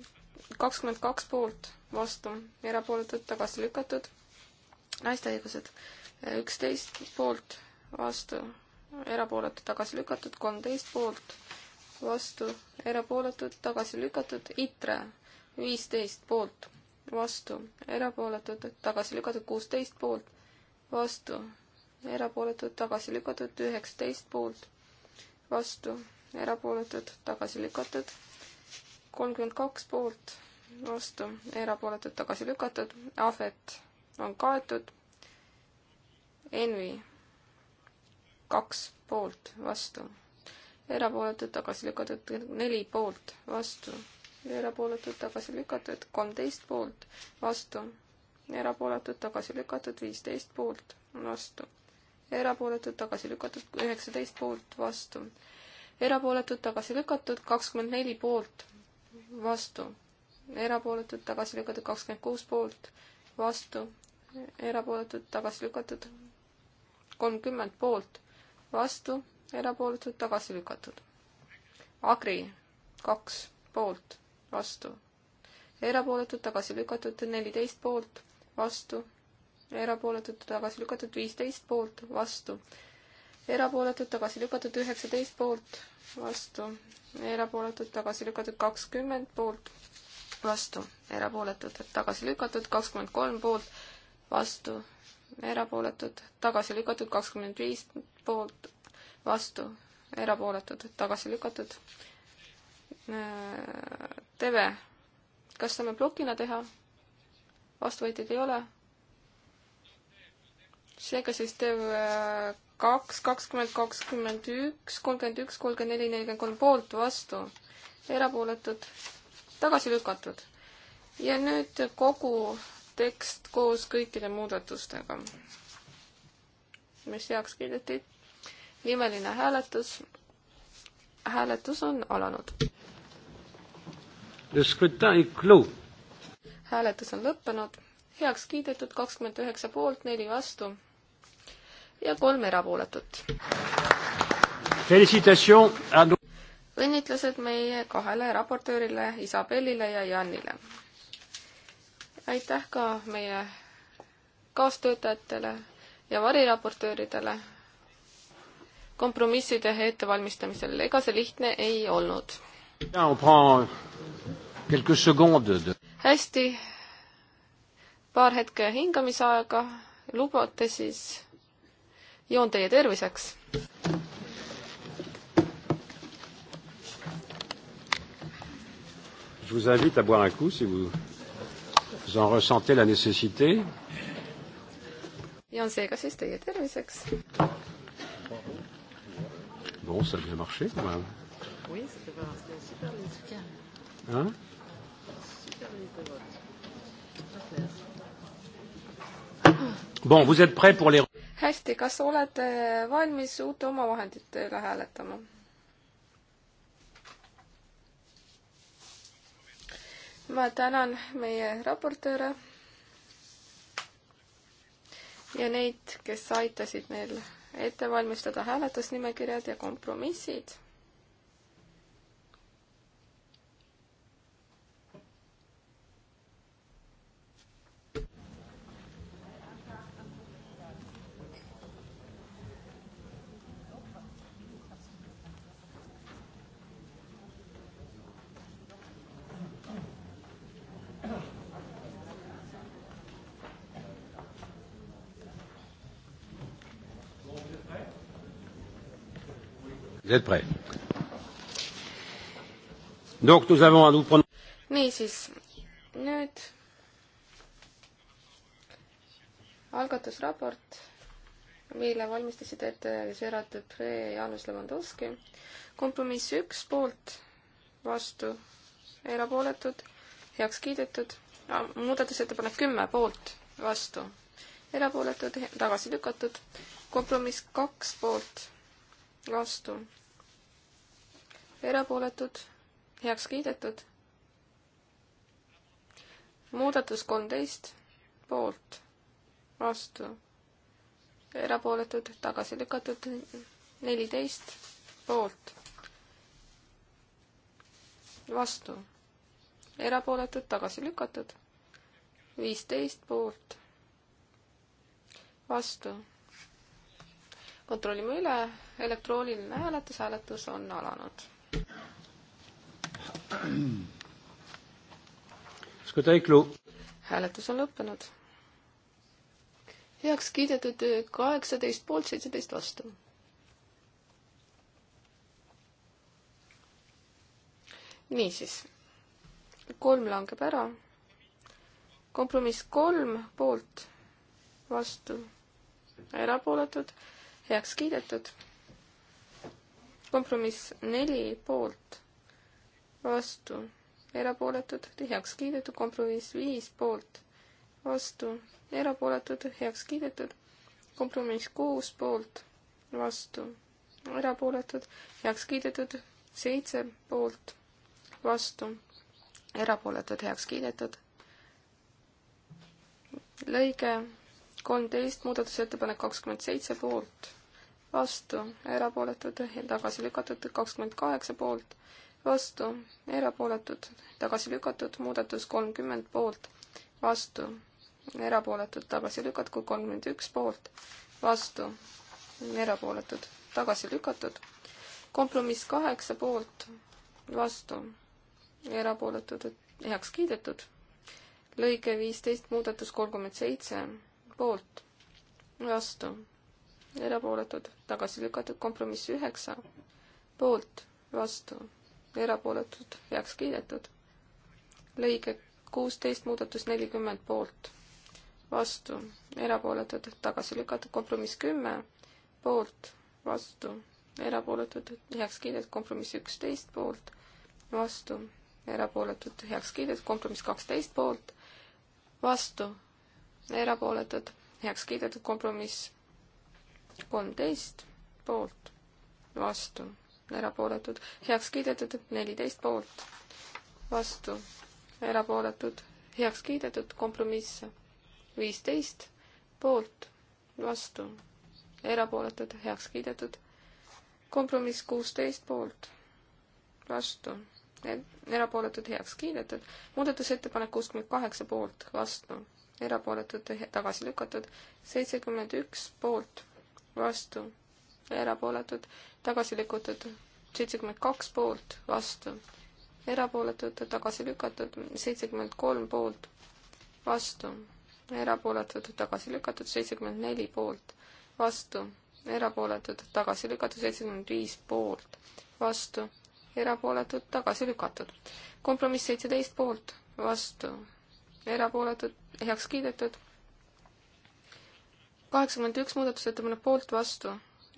kakskümmend kaks poolt, vastu, erapooletud, tagasi lükatud. naiste õigused üksteist poolt, vastu, erapooletud, tagasi lükatud, kolmteist poolt, vastu, erapooletud, tagasi lükatud, ITRE viisteist poolt, vastu, erapooletud, tagasi lükatud, kuusteist poolt, vastu, erapooletud, tagasi lükatud, üheksateist poolt, vastu, erapooletud, tagasi lükatud, kolmkümmend kaks poolt, vastu, erapooletud, tagasi lükatud, ahvet on kaetud, envi kaks poolt, vastu, erapooletud, tagasi lükatud, neli poolt, vastu, erapooletud, tagasi lükatud, kolmteist poolt, vastu, erapooletud, tagasi lükatud, viisteist poolt, vastu erapooletud, tagasi lükatud, üheksateist poolt, vastu. erapooletud, tagasi lükatud, kakskümmend neli poolt, vastu. erapooletud, tagasi lükatud, kakskümmend kuus poolt, vastu. erapooletud, tagasi lükatud, kolmkümmend poolt, vastu. erapooletud, tagasi lükatud. Agri, kaks poolt, vastu. erapooletud, tagasi lükatud, neliteist poolt, vastu erapooletud, tagasi lükatud viisteist poolt, vastu. erapooletud, tagasi lükatud üheksateist poolt, vastu. erapooletud, tagasi lükatud kakskümmend poolt, vastu. erapooletud, tagasi lükatud kakskümmend kolm poolt, vastu. erapooletud, tagasi lükatud kakskümmend viis poolt, vastu. erapooletud, tagasi lükatud. Äh, Teve, kas saame plokina teha? vastuvõtjaid ei ole seega siis teeb äh, kaks, kakskümmend, kakskümmend üks, kolmkümmend üks, kolmkümmend neli, nelikümmend kolm poolt, vastu, erapooletud, tagasi lükatud. ja nüüd kogu tekst koos kõikide muudatustega, mis heaks kiideti. nimeline hääletus. hääletus on alanud. hääletus on lõppenud, heaks kiidetud kakskümmend üheksa poolt, neli vastu ja kolm erapooletut. õnnitlused meie kahele raportöörile Isabellile ja Janile. aitäh ka meie kaastöötajatele ja variraportööridele kompromisside ettevalmistamisel, ega see lihtne ei olnud. hästi, paar hetke hingamisaega, lubate siis joon teie terviseks. Je vous invite à boire un coup si vous, vous en ressentez la nécessité. ja on seega siis teie terviseks. Bon, ça a bien marché quand même. Oui, c'était vraiment super musical. Hein Super musical. Bon, vous êtes prêts pour les hästi, kas olete valmis uute omavahendite üle hääletama? ma tänan meie raportööre ja neid, kes aitasid meil ette valmistada hääletusnimekirjad ja kompromissid Vous êtes prêts Donc nous avons à nous prendre... niisiis, nüüd algatusraport, mille valmistasid ette Gerard Depre ja Jaanus Levandovski. kompromiss üks poolt, vastu, erapooletud, heaks kiidetud. muudatusettepanek kümme poolt, vastu, erapooletud, tagasi lükatud. kompromiss kaks poolt, vastu, erapooletud, heaks kiidetud. muudatus kolmteist, poolt, vastu, erapooletud, tagasi lükatud, neliteist, poolt, vastu, erapooletud, tagasi lükatud, viisteist, poolt, vastu kontrollime üle, elektrooniline hääletus, hääletus on alanud hääletus on lõppenud. heaks kiidetud äh, kaheksateist poolt, seitseteist vastu. niisiis, kolm langeb ära. kompromiss kolm poolt, vastu, erapooletud, heaks kiidetud. kompromiss neli poolt vastu, erapooletud, heaks kiidetud, kompromiss viis poolt, vastu, erapooletud, heaks kiidetud, kompromiss kuus poolt, vastu, erapooletud, heaks kiidetud, seitse poolt, vastu, erapooletud, heaks kiidetud. lõige kolmteist, muudatusettepanek kakskümmend seitse poolt, vastu, erapooletud, tagasi lükatud, kakskümmend kaheksa poolt, vastu, erapooletud, tagasi lükatud, muudatus kolmkümmend poolt, vastu, erapooletud, tagasi lükatud, kolmkümmend üks poolt, vastu, erapooletud, tagasi lükatud, kompromiss kaheksa poolt, vastu, erapooletud, heaks kiidetud, lõige viisteist, muudatus kolmkümmend seitse, poolt, vastu, erapooletud, tagasi lükatud, kompromiss üheksa, poolt, vastu erapooletud, heaks kiidetud. lõige kuusteist, muudatus nelikümmend poolt, vastu, erapooletud, tagasi lükatud, kompromiss kümme, poolt, vastu, erapooletud, heaks kiidetud, kompromiss üksteist poolt, vastu, erapooletud, heaks kiidetud, kompromiss kaksteist poolt, vastu, erapooletud, heaks kiidetud, kompromiss kolmteist poolt, vastu erapooletud, heaks kiidetud, neliteist poolt, vastu, erapooletud, heaks kiidetud, kompromiss viisteist poolt, vastu, erapooletud, heaks kiidetud, kompromiss kuusteist poolt, vastu, e-, erapooletud, heaks kiidetud, muudatusettepanek kuuskümmend kaheksa poolt, vastu, erapooletud, tagasi lükatud, seitsekümmend üks poolt, vastu erapooletud, tagasi lükatud seitsekümmend kaks poolt, vastu, erapooletud, tagasi lükatud seitsekümmend kolm poolt, vastu, erapooletud, tagasi lükatud seitsekümmend neli poolt, vastu, erapooletud, tagasi lükatud seitsekümmend viis poolt, vastu, erapooletud, tagasi lükatud. kompromiss seitseteist poolt, vastu, erapooletud, heaks kiidetud kaheksakümmend üks muudatusettepanek poolt, vastu,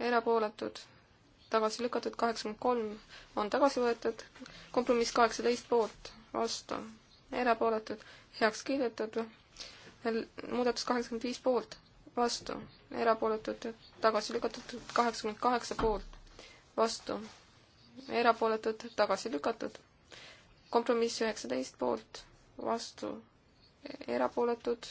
erapooletud, tagasi lükatud, kaheksakümmend kolm on tagasi võetud, kompromiss kaheksateist poolt, vastu, erapooletud, heaks kiidetud, muudatus kaheksakümmend viis poolt, vastu, erapooletud, tagasi lükatud, kaheksakümmend kaheksa poolt, vastu, erapooletud, tagasi lükatud, kompromiss üheksateist poolt, vastu, erapooletud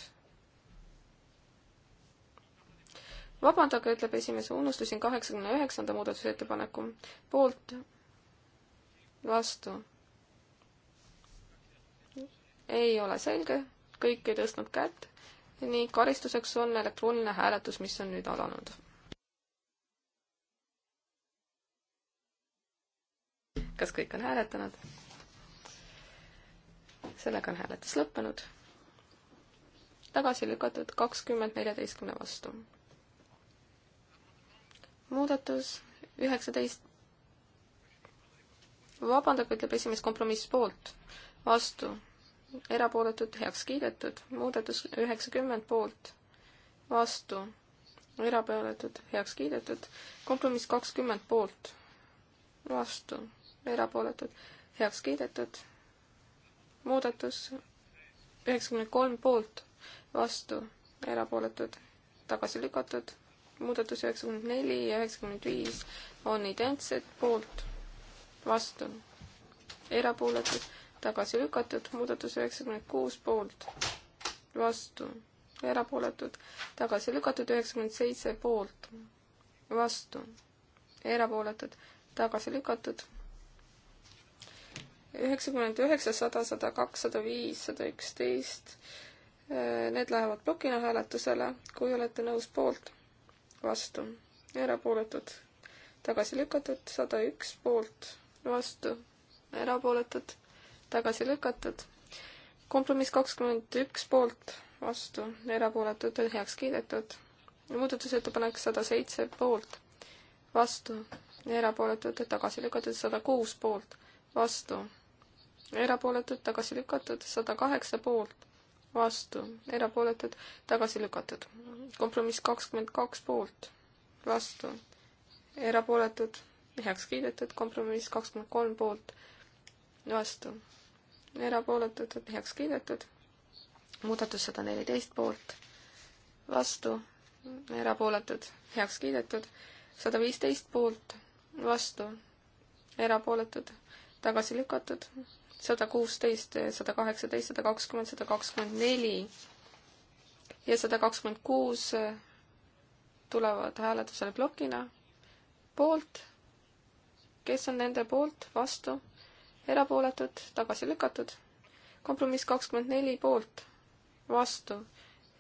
vabandage, ütleb esimees, unustasin kaheksakümne üheksanda muudatusettepaneku. poolt, vastu. ei ole selge, kõik ei tõstnud kätt ning karistuseks on elektrooniline hääletus, mis on nüüd alanud. kas kõik on hääletanud? sellega on hääletus lõppenud. tagasi lükatud kakskümmend neljateistkümne vastu muudatus üheksateist. vabandage, ütleb esimees kompromiss poolt, vastu, erapooletud, heaks kiidetud, muudatus üheksakümmend poolt, vastu, erapooletud, heaks kiidetud, kompromiss kakskümmend poolt, vastu, erapooletud, heaks kiidetud, muudatus üheksakümmend kolm poolt, vastu, erapooletud, tagasi lükatud muudatus üheksakümmend neli ja üheksakümmend viis on identsed, poolt, vastu, erapooletud, tagasi lükatud, muudatus üheksakümmend kuus, poolt, vastu, erapooletud, tagasi lükatud, üheksakümmend seitse, poolt, vastu, erapooletud, tagasi lükatud, üheksakümmend üheksa, sada, sada kaks, sada viis, sada üksteist, eh, need lähevad plokina hääletusele, kui olete nõus poolt vastu, erapooletud, tagasi lükatud, sada üks poolt, vastu, erapooletud, tagasi lükatud. kompromiss kakskümmend üks poolt, vastu, erapooletud, heaks kiidetud. muudatusettepanek sada seitse poolt, vastu, erapooletud, tagasi lükatud, sada kuus poolt, vastu, erapooletud, tagasi lükatud, sada kaheksa poolt vastu, erapooletud, tagasi lükatud. kompromiss kakskümmend kaks poolt, vastu, erapooletud, heaks kiidetud, kompromiss kakskümmend kolm poolt, vastu, erapooletud, heaks kiidetud, muudatus sada neliteist poolt, vastu, erapooletud, heaks kiidetud, sada viisteist poolt, vastu, erapooletud, tagasi lükatud, sada kuusteist, sada kaheksateist, sada kakskümmend, sada kakskümmend neli ja sada kakskümmend kuus tulevad hääletusele plokina. poolt, kes on nende poolt, vastu, erapooletud, tagasi lükatud. kompromiss kakskümmend neli poolt, vastu,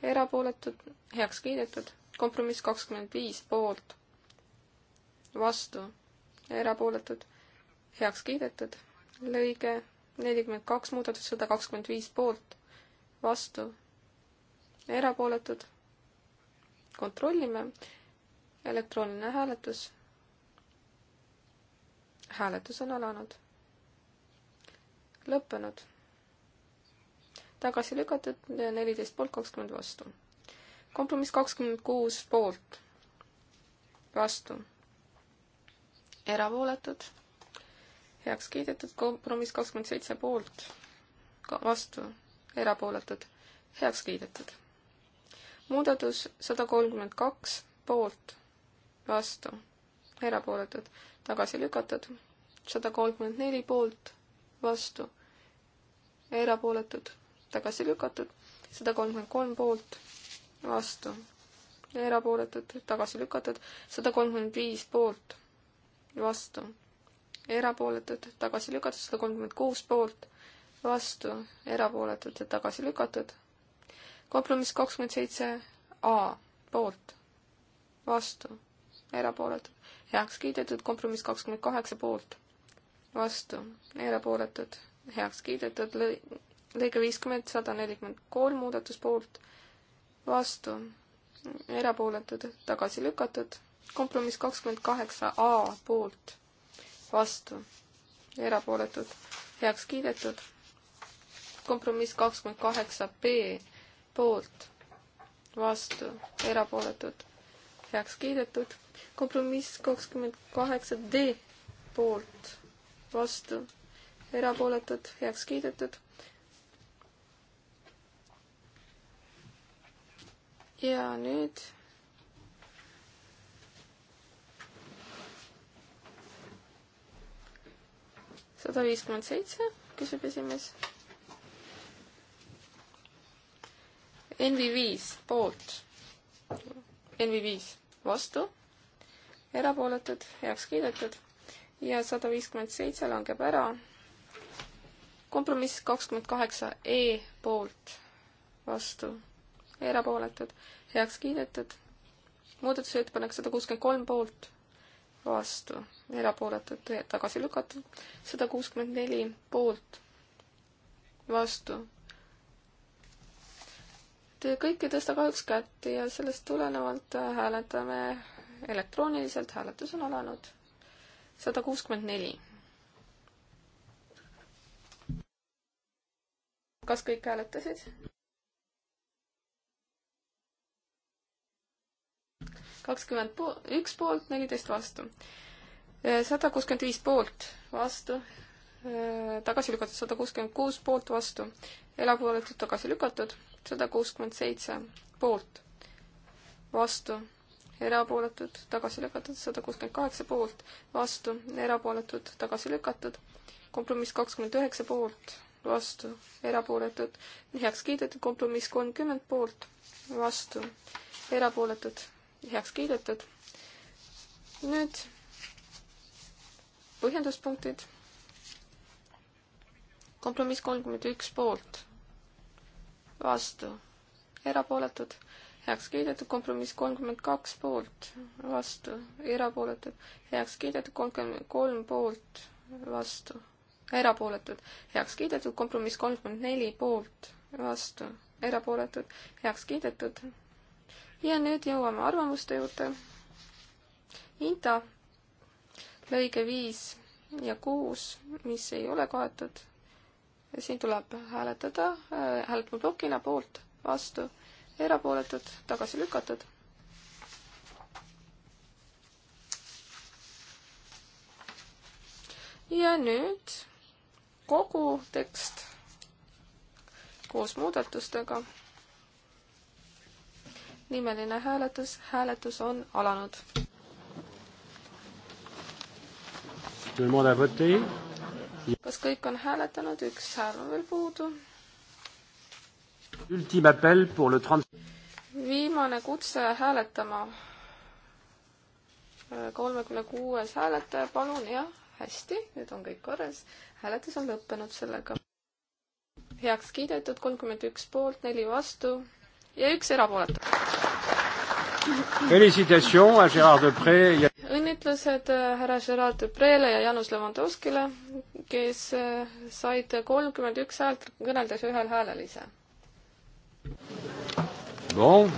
erapooletud, heaks kiidetud. kompromiss kakskümmend viis poolt, vastu, erapooletud, heaks kiidetud. lõige nelikümmend kaks muudatussada kakskümmend viis poolt, vastu, erapooletud. kontrollime, elektrooniline hääletus. hääletus on alanud, lõppenud, tagasi lükatud, neliteist poolt, kakskümmend vastu. kompromiss kakskümmend kuus poolt, vastu, erapooletud heaks kiidetud, kompromiss kakskümmend seitse poolt, vastu, erapooletud, heaks kiidetud. muudatus sada kolmkümmend kaks poolt, vastu, erapooletud, tagasi lükatud, sada kolmkümmend neli poolt, vastu, erapooletud, tagasi lükatud, sada kolmkümmend kolm poolt, vastu, erapooletud, tagasi lükatud, sada kolmkümmend viis poolt, vastu erapooletud, tagasi lükatud, sada kolmkümmend kuus poolt, vastu, erapooletud ja tagasi lükatud. kompromiss kakskümmend seitse A poolt, vastu, erapooletud, heaks kiidetud, kompromiss kakskümmend kaheksa poolt, vastu, erapooletud, heaks kiidetud, lõige viiskümmend, sada nelikümmend kolm muudatus poolt, vastu, erapooletud, tagasi lükatud kompromiss kakskümmend kaheksa A poolt, vastu, erapooletud, heaks kiidetud. kompromiss kakskümmend kaheksa B poolt, vastu, erapooletud, heaks kiidetud. kompromiss kakskümmend kaheksa D poolt, vastu, erapooletud, heaks kiidetud. ja nüüd sada viiskümmend seitse, küsib esimees. NV5 poolt, NV5 vastu, erapooletud, heaks kiidetud ja sada viiskümmend seitse langeb ära. kompromiss kakskümmend kaheksa E poolt, vastu, erapooletud, heaks kiidetud. muudatusettepanek sada kuuskümmend kolm poolt vastu, erapooletud, tagasi lükatud, sada kuuskümmend neli poolt, vastu. Te kõik ei tõsta kahjuks kätt ja sellest tulenevalt hääletame elektrooniliselt, hääletus on alanud. sada kuuskümmend neli. kas kõik hääletasid? kakskümmend po-, üks poolt, neliteist vastu. sada kuuskümmend viis poolt, vastu, tagasi lükatud sada kuuskümmend kuus poolt, vastu, erapooletud tagasi lükatud, sada kuuskümmend seitse poolt, vastu, erapooletud, tagasi lükatud, sada kuuskümmend kaheksa poolt, vastu, erapooletud, tagasi lükatud, kompromiss kakskümmend üheksa poolt, vastu, erapooletud, heaks kiidetud, kompromiss kolmkümmend poolt, vastu, erapooletud, heaks kiidetud. nüüd põhjenduspunktid. kompromiss kolmkümmend üks poolt, vastu, erapooletud, heaks kiidetud, kompromiss kolmkümmend kaks poolt, vastu, erapooletud, heaks kiidetud, kolmkümmend kolm poolt, vastu, erapooletud, heaks kiidetud, kompromiss kolmkümmend neli poolt, vastu, erapooletud, heaks kiidetud, ja nüüd jõuame arvamuste juurde. Inta lõige viis ja kuus, mis ei ole kaetud. siin tuleb hääletada äh, hääletusplokina poolt, vastu, erapooletud, tagasi lükatud. ja nüüd kogu tekst koos muudatustega nimeline hääletus, hääletus on alanud. kas kõik on hääletanud, üks hääl on veel puudu. viimane kutse hääletama. kolmekümne kuues hääletaja, palun, jah, hästi, nüüd on kõik korras. hääletus on lõppenud sellega heaks kiidetud, kolmkümmend üks poolt, neli vastu ja üks erapooletu õnnitlused äh, härra Gerard Deprele ja Janus Levandovskile, kes äh, said kolmkümmend üks häält, kõneldes ühel häälel ise. Bon.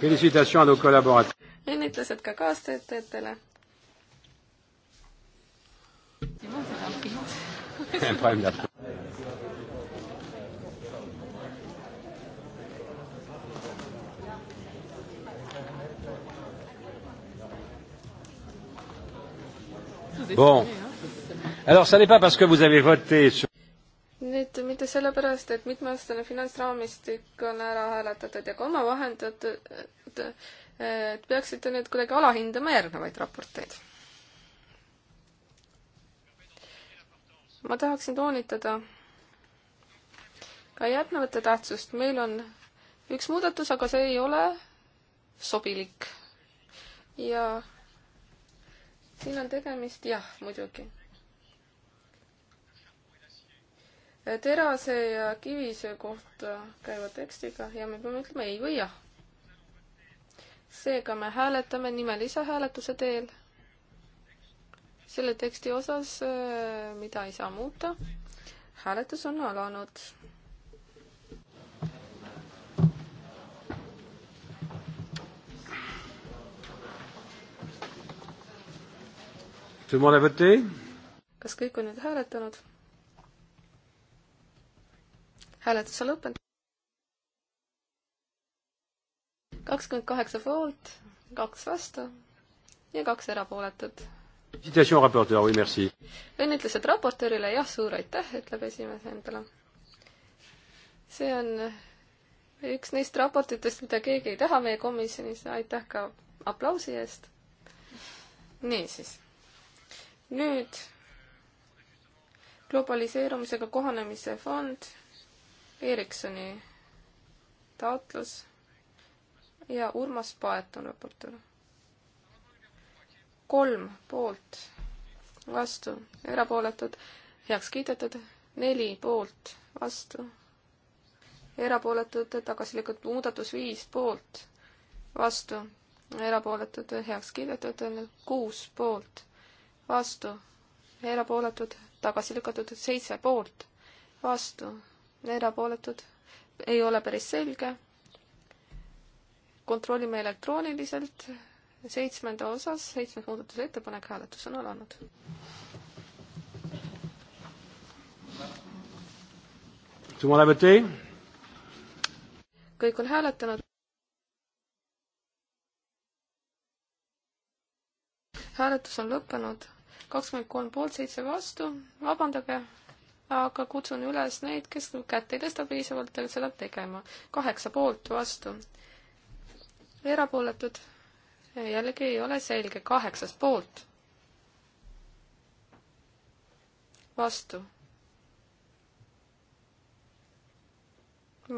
Félicitations à nos collaborateurs. õnnitlused ka kaastöötajatele. un problème d'apprentissage. Bon. Alors, ça n'est pas parce que vous avez voté sur... nüüd mitte sellepärast, et mitmeaastane finantsraamistik on ära hääletatud ja ka oma vahendatud, et peaksite nüüd kuidagi alahindama järgnevaid raporteid. ma tahaksin toonitada ka järgnevate tähtsust. meil on üks muudatus, aga see ei ole sobilik. ja siin on tegemist, jah, muidugi. terase ja kivisöe kohta käiva tekstiga ja me peame ütlema ei või jah. seega me hääletame nimelise hääletuse teel selle teksti osas, äh, mida ei saa muuta. hääletus on alanud kas kõik on nüüd hääletanud? hääletus on lõppenud. kakskümmend kaheksa poolt, kaks vastu ja kaks erapooletut. õnnitlused raportöörile, jah, suur aitäh, ütleb esimees endale. see on üks neist raportitest, mida keegi ei taha meie komisjonis, aitäh ka aplausi eest. niisiis nüüd globaliseerumisega kohanemise fond, Ericssoni taotlus ja Urmas Paet on raportöör. kolm poolt, vastu, erapooletud, heaks kiidetud, neli poolt, vastu, erapooletud, tagasi lükatud, muudatus viis poolt, vastu, erapooletud, heaks kiidetud, kuus poolt vastu, erapooletud, tagasi lükatud, seitse poolt, vastu, erapooletud, ei ole päris selge. kontrollime elektrooniliselt seitsmenda osas, seitsmes muudatusettepanek, hääletus on alanud. kõik on hääletanud. hääletus on lõppenud kakskümmend kolm poolt, seitse vastu, vabandage, aga kutsun üles neid, kes kätt ei tõsta piisavalt, seda tegema. kaheksa poolt, vastu. erapooletud jällegi ei ole selge, kaheksas poolt. vastu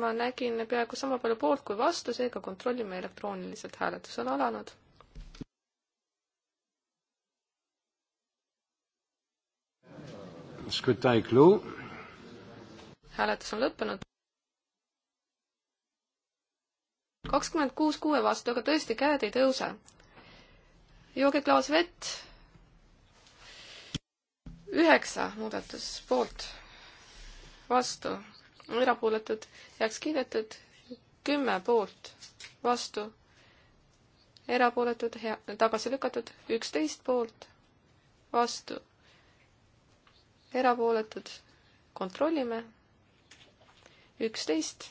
ma nägin peaaegu sama palju poolt kui vastu, seega kontrollime elektrooniliselt, hääletus on alanud. hääletus on lõppenud. kakskümmend kuus kuue vastu, aga tõesti, käed ei tõuse. jooge klaas vett. üheksa muudatus poolt, vastu, erapooletud, heaks kiidetud, kümme poolt, vastu, erapooletud, hea, tagasi lükatud, üksteist poolt, vastu erapooletud, kontrollime, üksteist.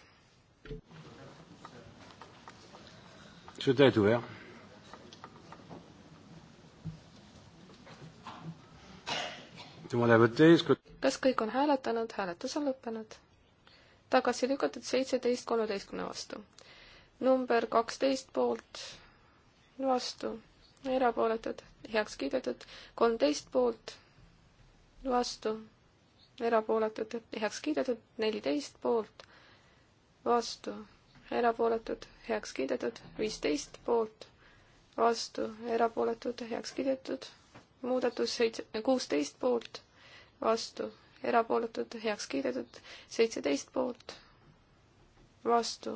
kas kõik on hääletanud, hääletus on lõppenud. tagasi lükatud seitseteist kolmeteistkümne vastu. number kaksteist poolt, vastu, erapooletud, heaks kiidetud, kolmteist poolt vastu, erapooletud, heaks kiidetud, neliteist poolt, vastu, erapooletud, heaks kiidetud, viisteist poolt, vastu, erapooletud, heaks kiidetud, muudatus seitse, kuusteist poolt, vastu, erapooletud, heaks kiidetud, seitseteist poolt, vastu,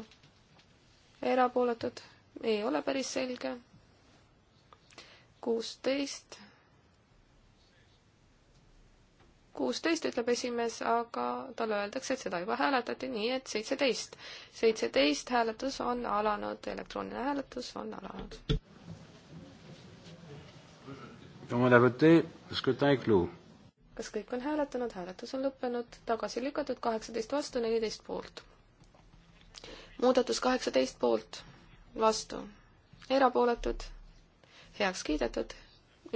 erapooletud, ei ole päris selge, kuusteist kuusteist, ütleb esimees, aga talle öeldakse, et seda juba hääletati, nii et seitseteist. seitseteist hääletus on alanud, elektrooniline hääletus on alanud. kas kõik on hääletanud, hääletus on lõppenud, tagasi lükatud, kaheksateist vastu, neliteist poolt. muudatus kaheksateist poolt, vastu, erapooletud, heaks kiidetud,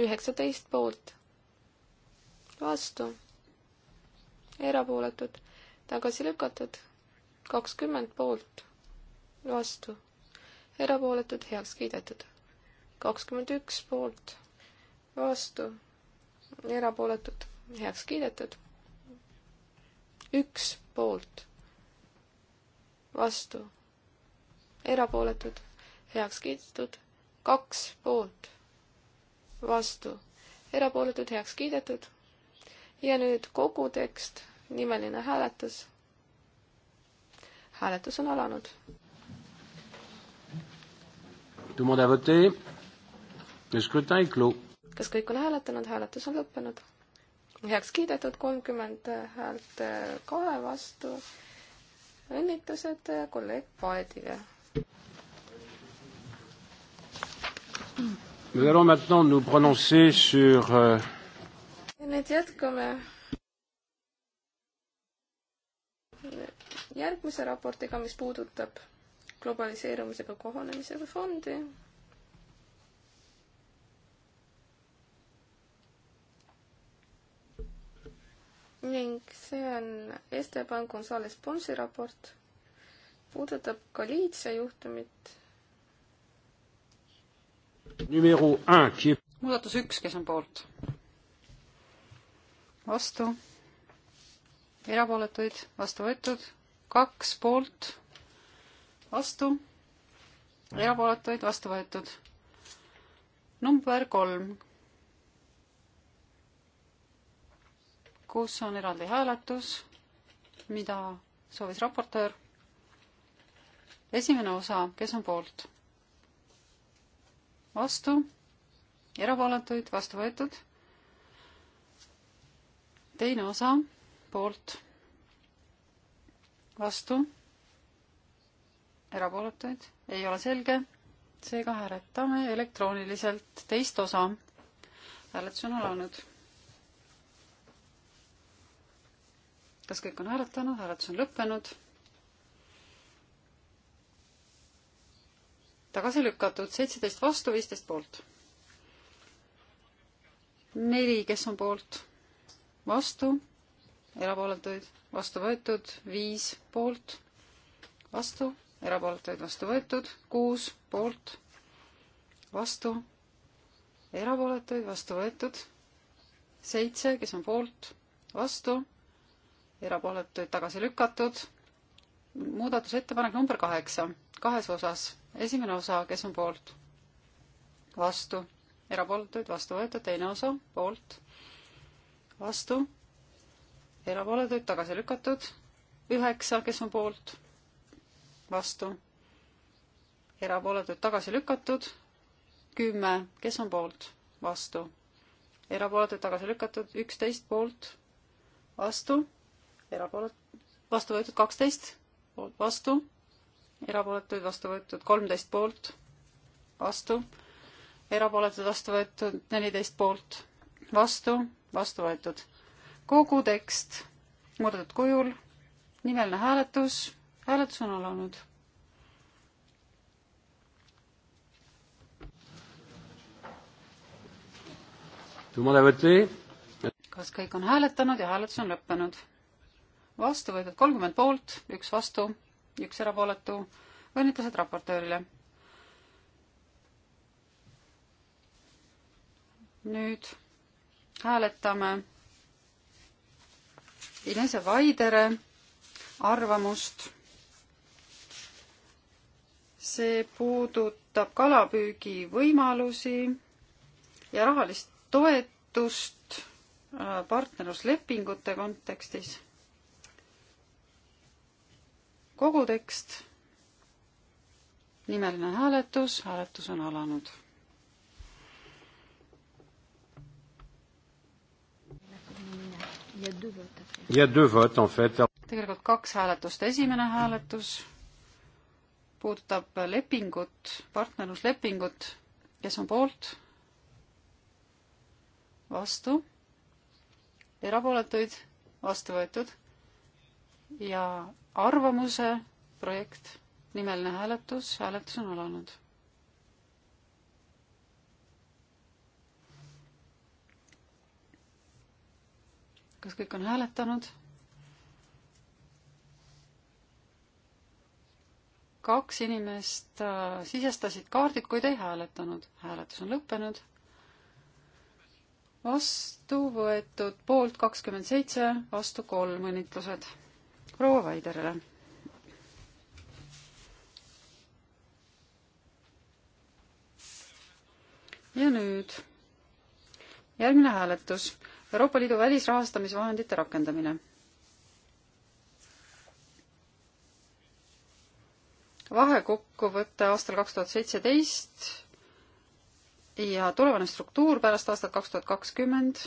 üheksateist poolt, vastu erapooletud, tagasi lükatud, kakskümmend poolt, vastu, erapooletud, heaks kiidetud, kakskümmend üks poolt, vastu, erapooletud, heaks kiidetud, üks poolt, vastu, erapooletud, heaks kiidetud, kaks poolt, vastu, erapooletud, heaks kiidetud ja nüüd kogu tekst, nimeline hääletus. hääletus on alanud. kas kõik on hääletanud, hääletus on lõppenud? heaks kiidetud kolmkümmend häält eh, kahe vastu. õnnitlused eh, kolleeg Paedile. Nous allons maintenant nous prononcer sur euh, nüüd jätkame järgmise raportiga, mis puudutab globaliseerumisega kohanemisega fondi. ning see on Esteban Gonzalez Ponsi raport, puudutab Galiitsia juhtumit. muudatus üks, kes on poolt? vastu, erapooletuid, vastu võetud, kaks poolt, vastu, erapooletuid, vastu võetud. number kolm, kus on eraldi hääletus, mida soovis raportöör. esimene osa, kes on poolt? vastu, erapooletuid, vastu võetud teine osa poolt, vastu, erapooletuid ei ole selge, seega hääletame elektrooniliselt teist osa. hääletus on alanud. kas kõik on hääletanud, hääletus on lõppenud? tagasi lükatud, seitseteist vastu, viisteist poolt. neli, kes on poolt vastu, erapooletuid vastu võetud, viis poolt, vastu, erapooletuid vastu võetud, kuus poolt, vastu, erapooletuid vastu võetud, seitse, kes on poolt, vastu, erapooletuid tagasi lükatud, muudatusettepanek number kaheksa, kahes osas, esimene osa, kes on poolt, vastu, erapooletuid vastu võetud, teine osa, poolt vastu, erapooletuid tagasi lükatud, üheksa, kes on poolt, vastu, erapooletuid tagasi lükatud, kümme, kes on poolt, vastu, erapooletuid tagasi lükatud, üksteist poolt, vastu, erapoolet-, vastu võetud kaksteist, vastu, erapooletuid vastu võetud kolmteist poolt, vastu, erapooletud vastu võetud neliteist poolt, vastu, vastu võetud. kogu tekst muudetud kujul, nimeline hääletus, hääletus on alanud. kas kõik on hääletanud ja hääletus on lõppenud? vastu võetud kolmkümmend poolt, üks vastu, üks erapooletu. õnnitlused raportöörile. nüüd hääletame Inese Vaidere arvamust. see puudutab kalapüügivõimalusi ja rahalist toetust äh, partnerluslepingute kontekstis. kogu tekst, nimeline hääletus, hääletus on alanud tegelikult kaks hääletust, esimene hääletus puudutab lepingut, partnerluslepingut, kes on poolt, vastu, erapooletuid, vastu võetud ja arvamuse projekt, nimeline hääletus, hääletus on alanud kas kõik on hääletanud? kaks inimest äh, sisestasid kaardid, kuid ei hääletanud. hääletus on lõppenud. vastu võetud poolt kakskümmend seitse, vastu kolm õnnitlused proua Vaiderile. ja nüüd järgmine hääletus Euroopa Liidu välisrahastamisvahendite rakendamine. vahekokkuvõte aastal kaks tuhat seitseteist ja tulevane struktuur pärast aastat kaks tuhat kakskümmend.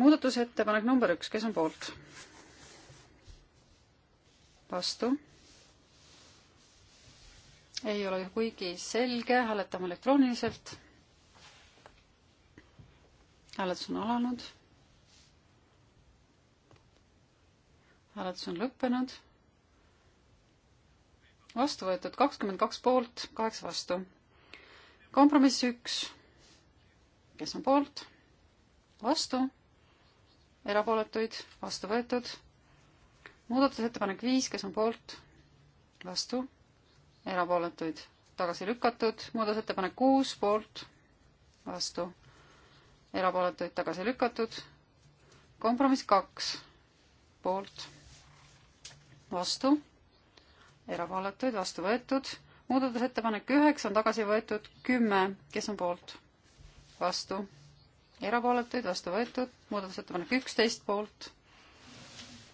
muudatusettepanek number üks, kes on poolt? vastu? ei ole kuigi selge, hääletame elektrooniliselt hääletus on alanud. hääletus on lõppenud. vastu võetud kakskümmend kaks poolt, kaheksa vastu. kompromiss üks. kes on poolt? vastu. erapooletuid, vastu võetud. muudatusettepanek viis, kes on poolt? vastu. erapooletuid, tagasi lükatud. muudatusettepanek kuus, poolt, vastu erapooletuid tagasi lükatud. kompromiss kaks, poolt, vastu, erapooletuid vastu võetud. muudatusettepanek üheksa on tagasi võetud, kümme, kes on poolt, vastu, erapooletuid vastu võetud. muudatusettepanek üksteist poolt,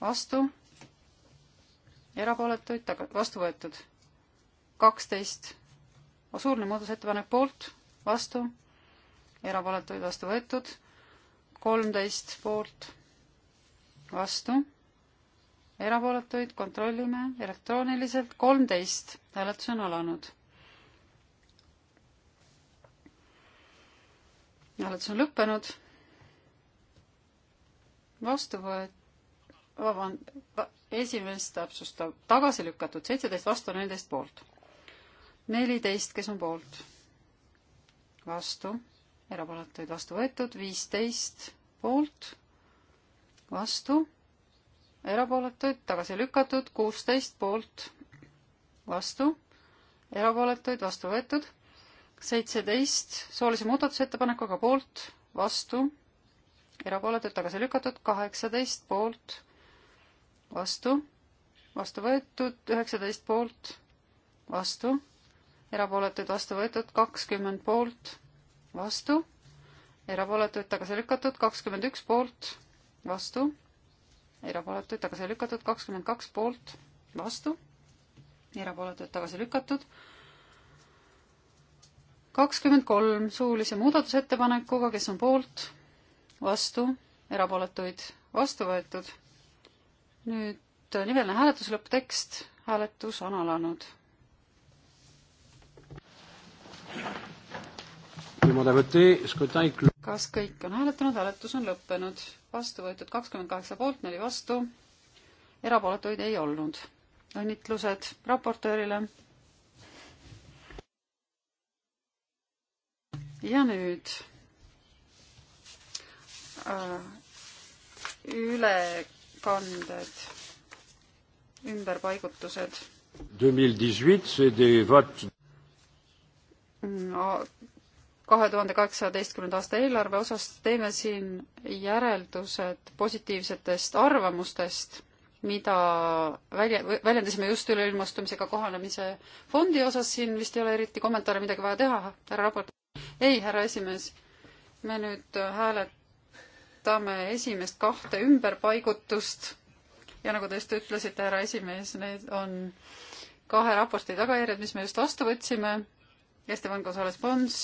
vastu, erapooletuid taga-, vastu võetud. kaksteist, suurne muudatusettepanek poolt, vastu erapooletuid vastu võetud, kolmteist poolt vastu, erapooletuid kontrollime elektrooniliselt, kolmteist, hääletus on alanud. hääletus on lõppenud, vastu võet-, vaband-, esimees täpsustab, tagasi lükatud, seitseteist vastu, neliteist poolt. neliteist, kes on poolt? vastu erapooletuid vastu võetud, viisteist poolt, vastu, erapooletuid tagasi lükatud, kuusteist poolt, vastu, erapooletuid vastu võetud, seitseteist soolise muudatusettepanekuga poolt, vastu, erapooletuid tagasi lükatud, kaheksateist poolt, vastu, vastu võetud, üheksateist poolt, vastu, erapooletuid vastu võetud, kakskümmend poolt vastu, erapooletuid tagasi lükatud, kakskümmend üks poolt, vastu, erapooletuid tagasi lükatud, kakskümmend kaks poolt, vastu, erapooletuid tagasi lükatud, kakskümmend kolm suulise muudatusettepanekuga, kes on poolt, vastu, erapooletuid vastu võetud. nüüd nimeline hääletus, lõpptekst, hääletus on alanud kas kõik on hääletanud, hääletus on lõppenud, vastu võetud kakskümmend kaheksa poolt, neli vastu, erapooletuid ei olnud. õnnitlused raportöörile. ja nüüd äh, ülekanded, ümberpaigutused kahe tuhande kaheksateistkümnenda aasta eelarve osas teeme siin järeldused positiivsetest arvamustest, mida välja, väljendasime just üleilmastumisega kohanemise fondi osas, siin vist ei ole eriti kommentaare midagi vaja teha, härra raport-. ei, härra esimees, me nüüd hääletame esimest kahte ümberpaigutust ja nagu te just ütlesite, härra esimees, need on kahe raporti tagajärjed, mis me just vastu võtsime, Esteban Gonzalez Pons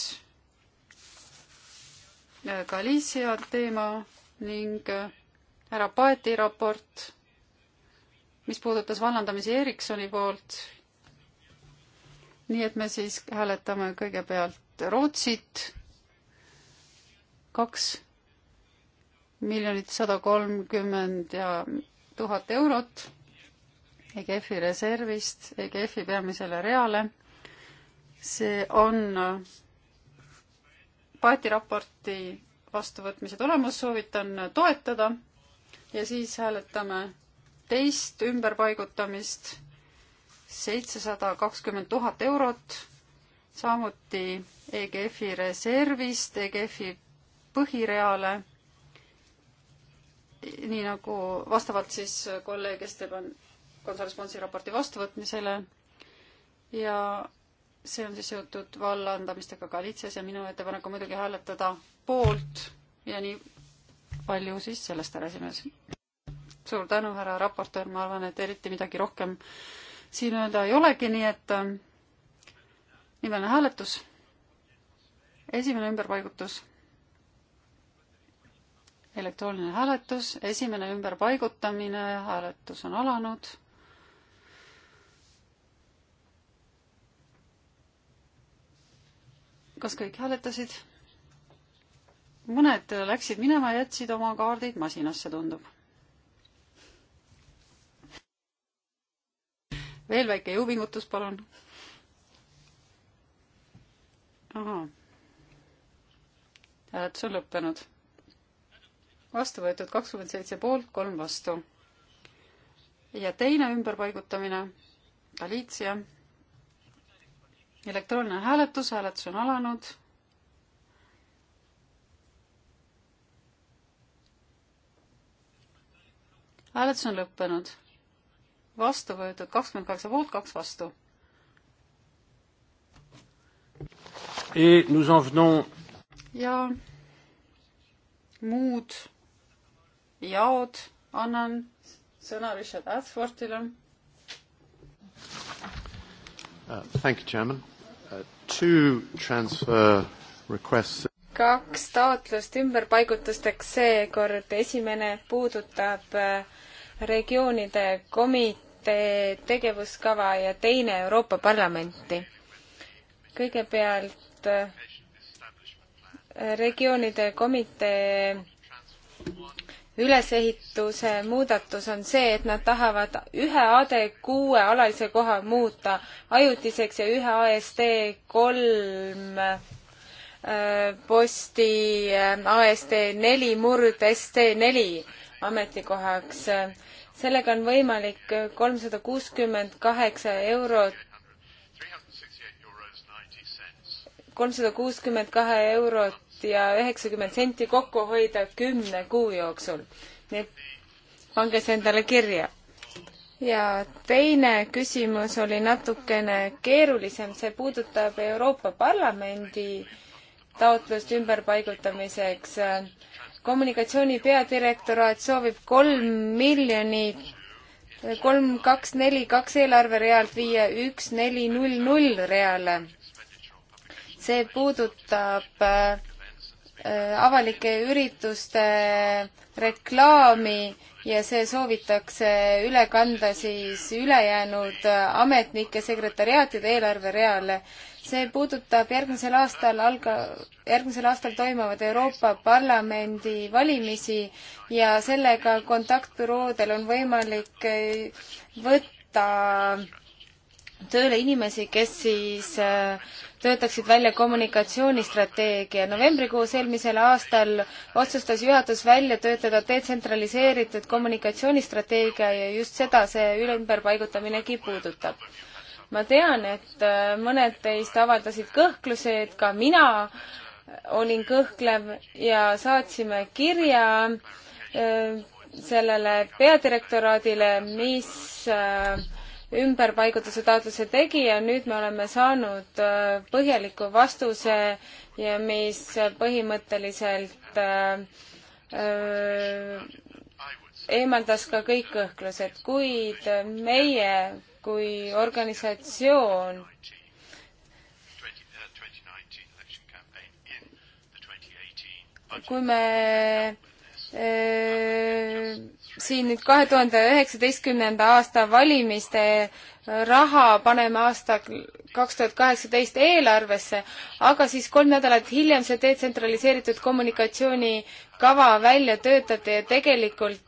Galicia teema ning äh, härra Paeti raport, mis puudutas vallandamisi Ericssoni poolt. nii et me siis hääletame kõigepealt Rootsit, kaks miljonit sada kolmkümmend ja tuhat eurot EGF-i reservist EGF-i peamisele reale. see on äh, Paeti raporti vastuvõtmise tulemust soovitan toetada ja siis hääletame teist ümberpaigutamist, seitsesada kakskümmend tuhat eurot, samuti EGF-i reservist EGF-i põhireale, nii nagu vastavalt siis kolleeg Esteban Gonzalez Ponsi raporti vastuvõtmisele ja see on siis seotud vallandamistega Galicias ja minu ettepanek on muidugi hääletada poolt ja nii palju siis sellest, härra esimees. suur tänu, härra raportöör, ma arvan, et eriti midagi rohkem siin öelda ei olegi, nii et ähm, nimeline hääletus. esimene ümberpaigutus. elektrooniline hääletus, esimene ümberpaigutamine, hääletus on alanud kas kõik hääletasid? mõned läksid minema ja jätsid oma kaardid masinasse, tundub. veel väike jõupingutus, palun. ahah. hääletus on lõppenud. vastu võetud kakskümmend seitse poolt, kolm vastu. ja teine ümberpaigutamine, Galiitsia elektrooniline hääletus, hääletus on alanud. hääletus on lõppenud. vastu võetud kakskümmend kaheksa poolt, kaks vastu. ja muud jaod annan sõna Richard Ashfordile. Uh, thank you, Chairman. Uh, kaks taotlust ümberpaigutusteks seekord, esimene puudutab uh, regioonide komitee tegevuskava ja teine Euroopa Parlamenti. kõigepealt uh, regioonide komitee ülesehituse muudatus on see, et nad tahavad ühe AD6 alalise koha muuta ajutiseks ja ühe AST3 äh, posti äh, AST4 murd ST4 ametikohaks. sellega on võimalik kolmsada kuuskümmend kaheksa eurot kolmsada kuuskümmend kahe eurot ja üheksakümmend senti kokku hoida kümne kuu jooksul. nii et pange see endale kirja. ja teine küsimus oli natukene keerulisem, see puudutab Euroopa Parlamendi taotlust ümberpaigutamiseks. kommunikatsiooni peadirektoraat soovib kolm miljonit kolm, kaks, neli, kaks eelarverealt viia üks, neli, null, null reale. see puudutab äh, Äh, avalike ürituste reklaami ja see soovitakse üle kanda siis ülejäänud äh, ametnike sekretäriaatide eelarvereale. see puudutab järgmisel aastal alga-, järgmisel aastal toimuvad Euroopa Parlamendi valimisi ja sellega kontaktbüroodel on võimalik äh, võtta tööle inimesi, kes siis äh, töötaksid välja kommunikatsioonistrateegia. novembrikuus eelmisel aastal otsustas juhatus välja töötada detsentraliseeritud kommunikatsioonistrateegia ja just seda see ümberpaigutaminegi puudutab. ma tean, et äh, mõned teist avaldasid kõhklusi, et ka mina olin kõhklev ja saatsime kirja äh, sellele peadirektoraadile, mis äh, ümberpaigutuse taotluse tegi ja nüüd me oleme saanud äh, põhjaliku vastuse ja mis põhimõtteliselt äh, äh, eemaldas ka kõik kõhklused, kuid meie kui organisatsioon kui me öö, siin nüüd kahe tuhande üheksateistkümnenda aasta valimiste raha paneme aasta kaks tuhat kaheksateist eelarvesse, aga siis kolm nädalat hiljem see detsentraliseeritud kommunikatsioonikava välja töötati ja tegelikult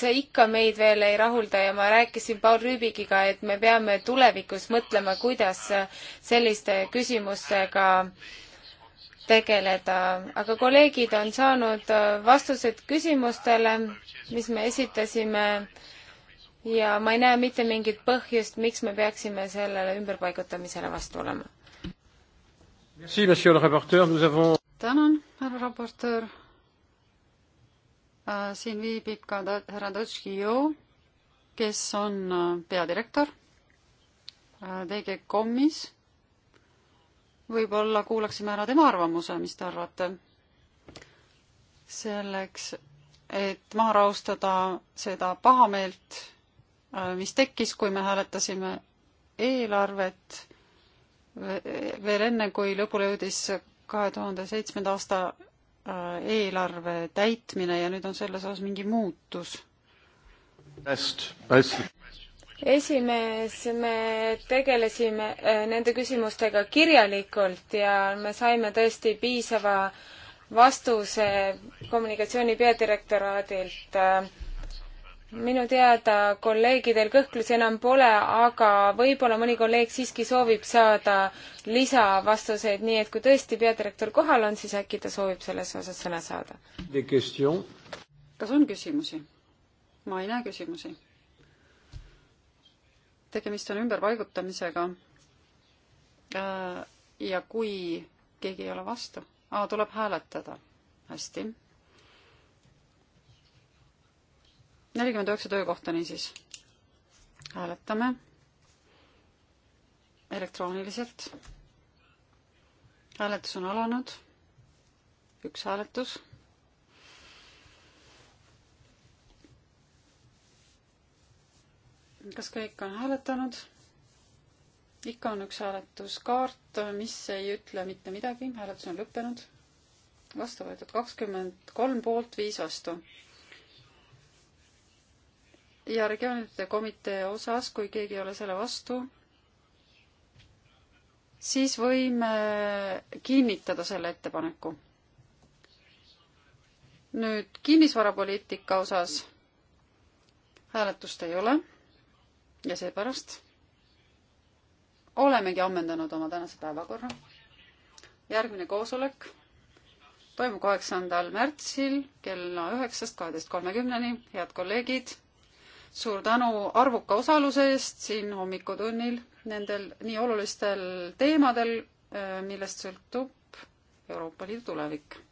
see ikka meid veel ei rahulda ja ma rääkisin Paul Rüübikiga, et me peame tulevikus mõtlema, kuidas selliste küsimustega tegeleda, aga kolleegid on saanud vastused küsimustele mis me esitasime ja ma ei näe mitte mingit põhjust, miks me peaksime sellele ümberpaigutamisele vastu olema. tänan, härra raportöör. Äh, siin viibib ka härra Dodžkio, kes on äh, peadirektor TGCOM-is. Äh, võib-olla kuulaksime ära tema arvamuse, mis te arvate? selleks, et maha rahustada seda pahameelt, äh, mis tekkis, kui me hääletasime eelarvet veel enne, kui lõpule jõudis kahe tuhande seitsmenda aasta äh, eelarve täitmine ja nüüd on selles osas mingi muutus. esimees, me tegelesime äh, nende küsimustega kirjalikult ja me saime tõesti piisava äh, vastuse kommunikatsiooni peadirektoraadilt. minu teada kolleegidel kõhklusi enam pole, aga võib-olla mõni kolleeg siiski soovib saada lisavastuseid, nii et kui tõesti peadirektor kohal on, siis äkki ta soovib selles osas sõna saada. kas on küsimusi? ma ei näe küsimusi. tegemist on ümberpaigutamisega. Äh, ja kui keegi ei ole vastu aa, tuleb hääletada. hästi. nelikümmend üheksa töökohta niisiis. hääletame elektrooniliselt. hääletus on alanud. üks hääletus. kas kõik on hääletanud? ikka on üks hääletuskaart, mis ei ütle mitte midagi, hääletus on lõppenud. vastu võetud kakskümmend kolm poolt, viis vastu. ja regioonide komitee osas, kui keegi ei ole selle vastu, siis võime kinnitada selle ettepaneku. nüüd kinnisvarapoliitika osas hääletust ei ole ja seepärast olemegi ammendanud oma tänase päevakorra. järgmine koosolek toimub kaheksandal märtsil kella üheksast kaheteist kolmekümneni. head kolleegid, suur tänu arvuka osaluse eest siin hommikutunnil nendel nii olulistel teemadel, eh, millest sõltub Euroopa Liidu tulevik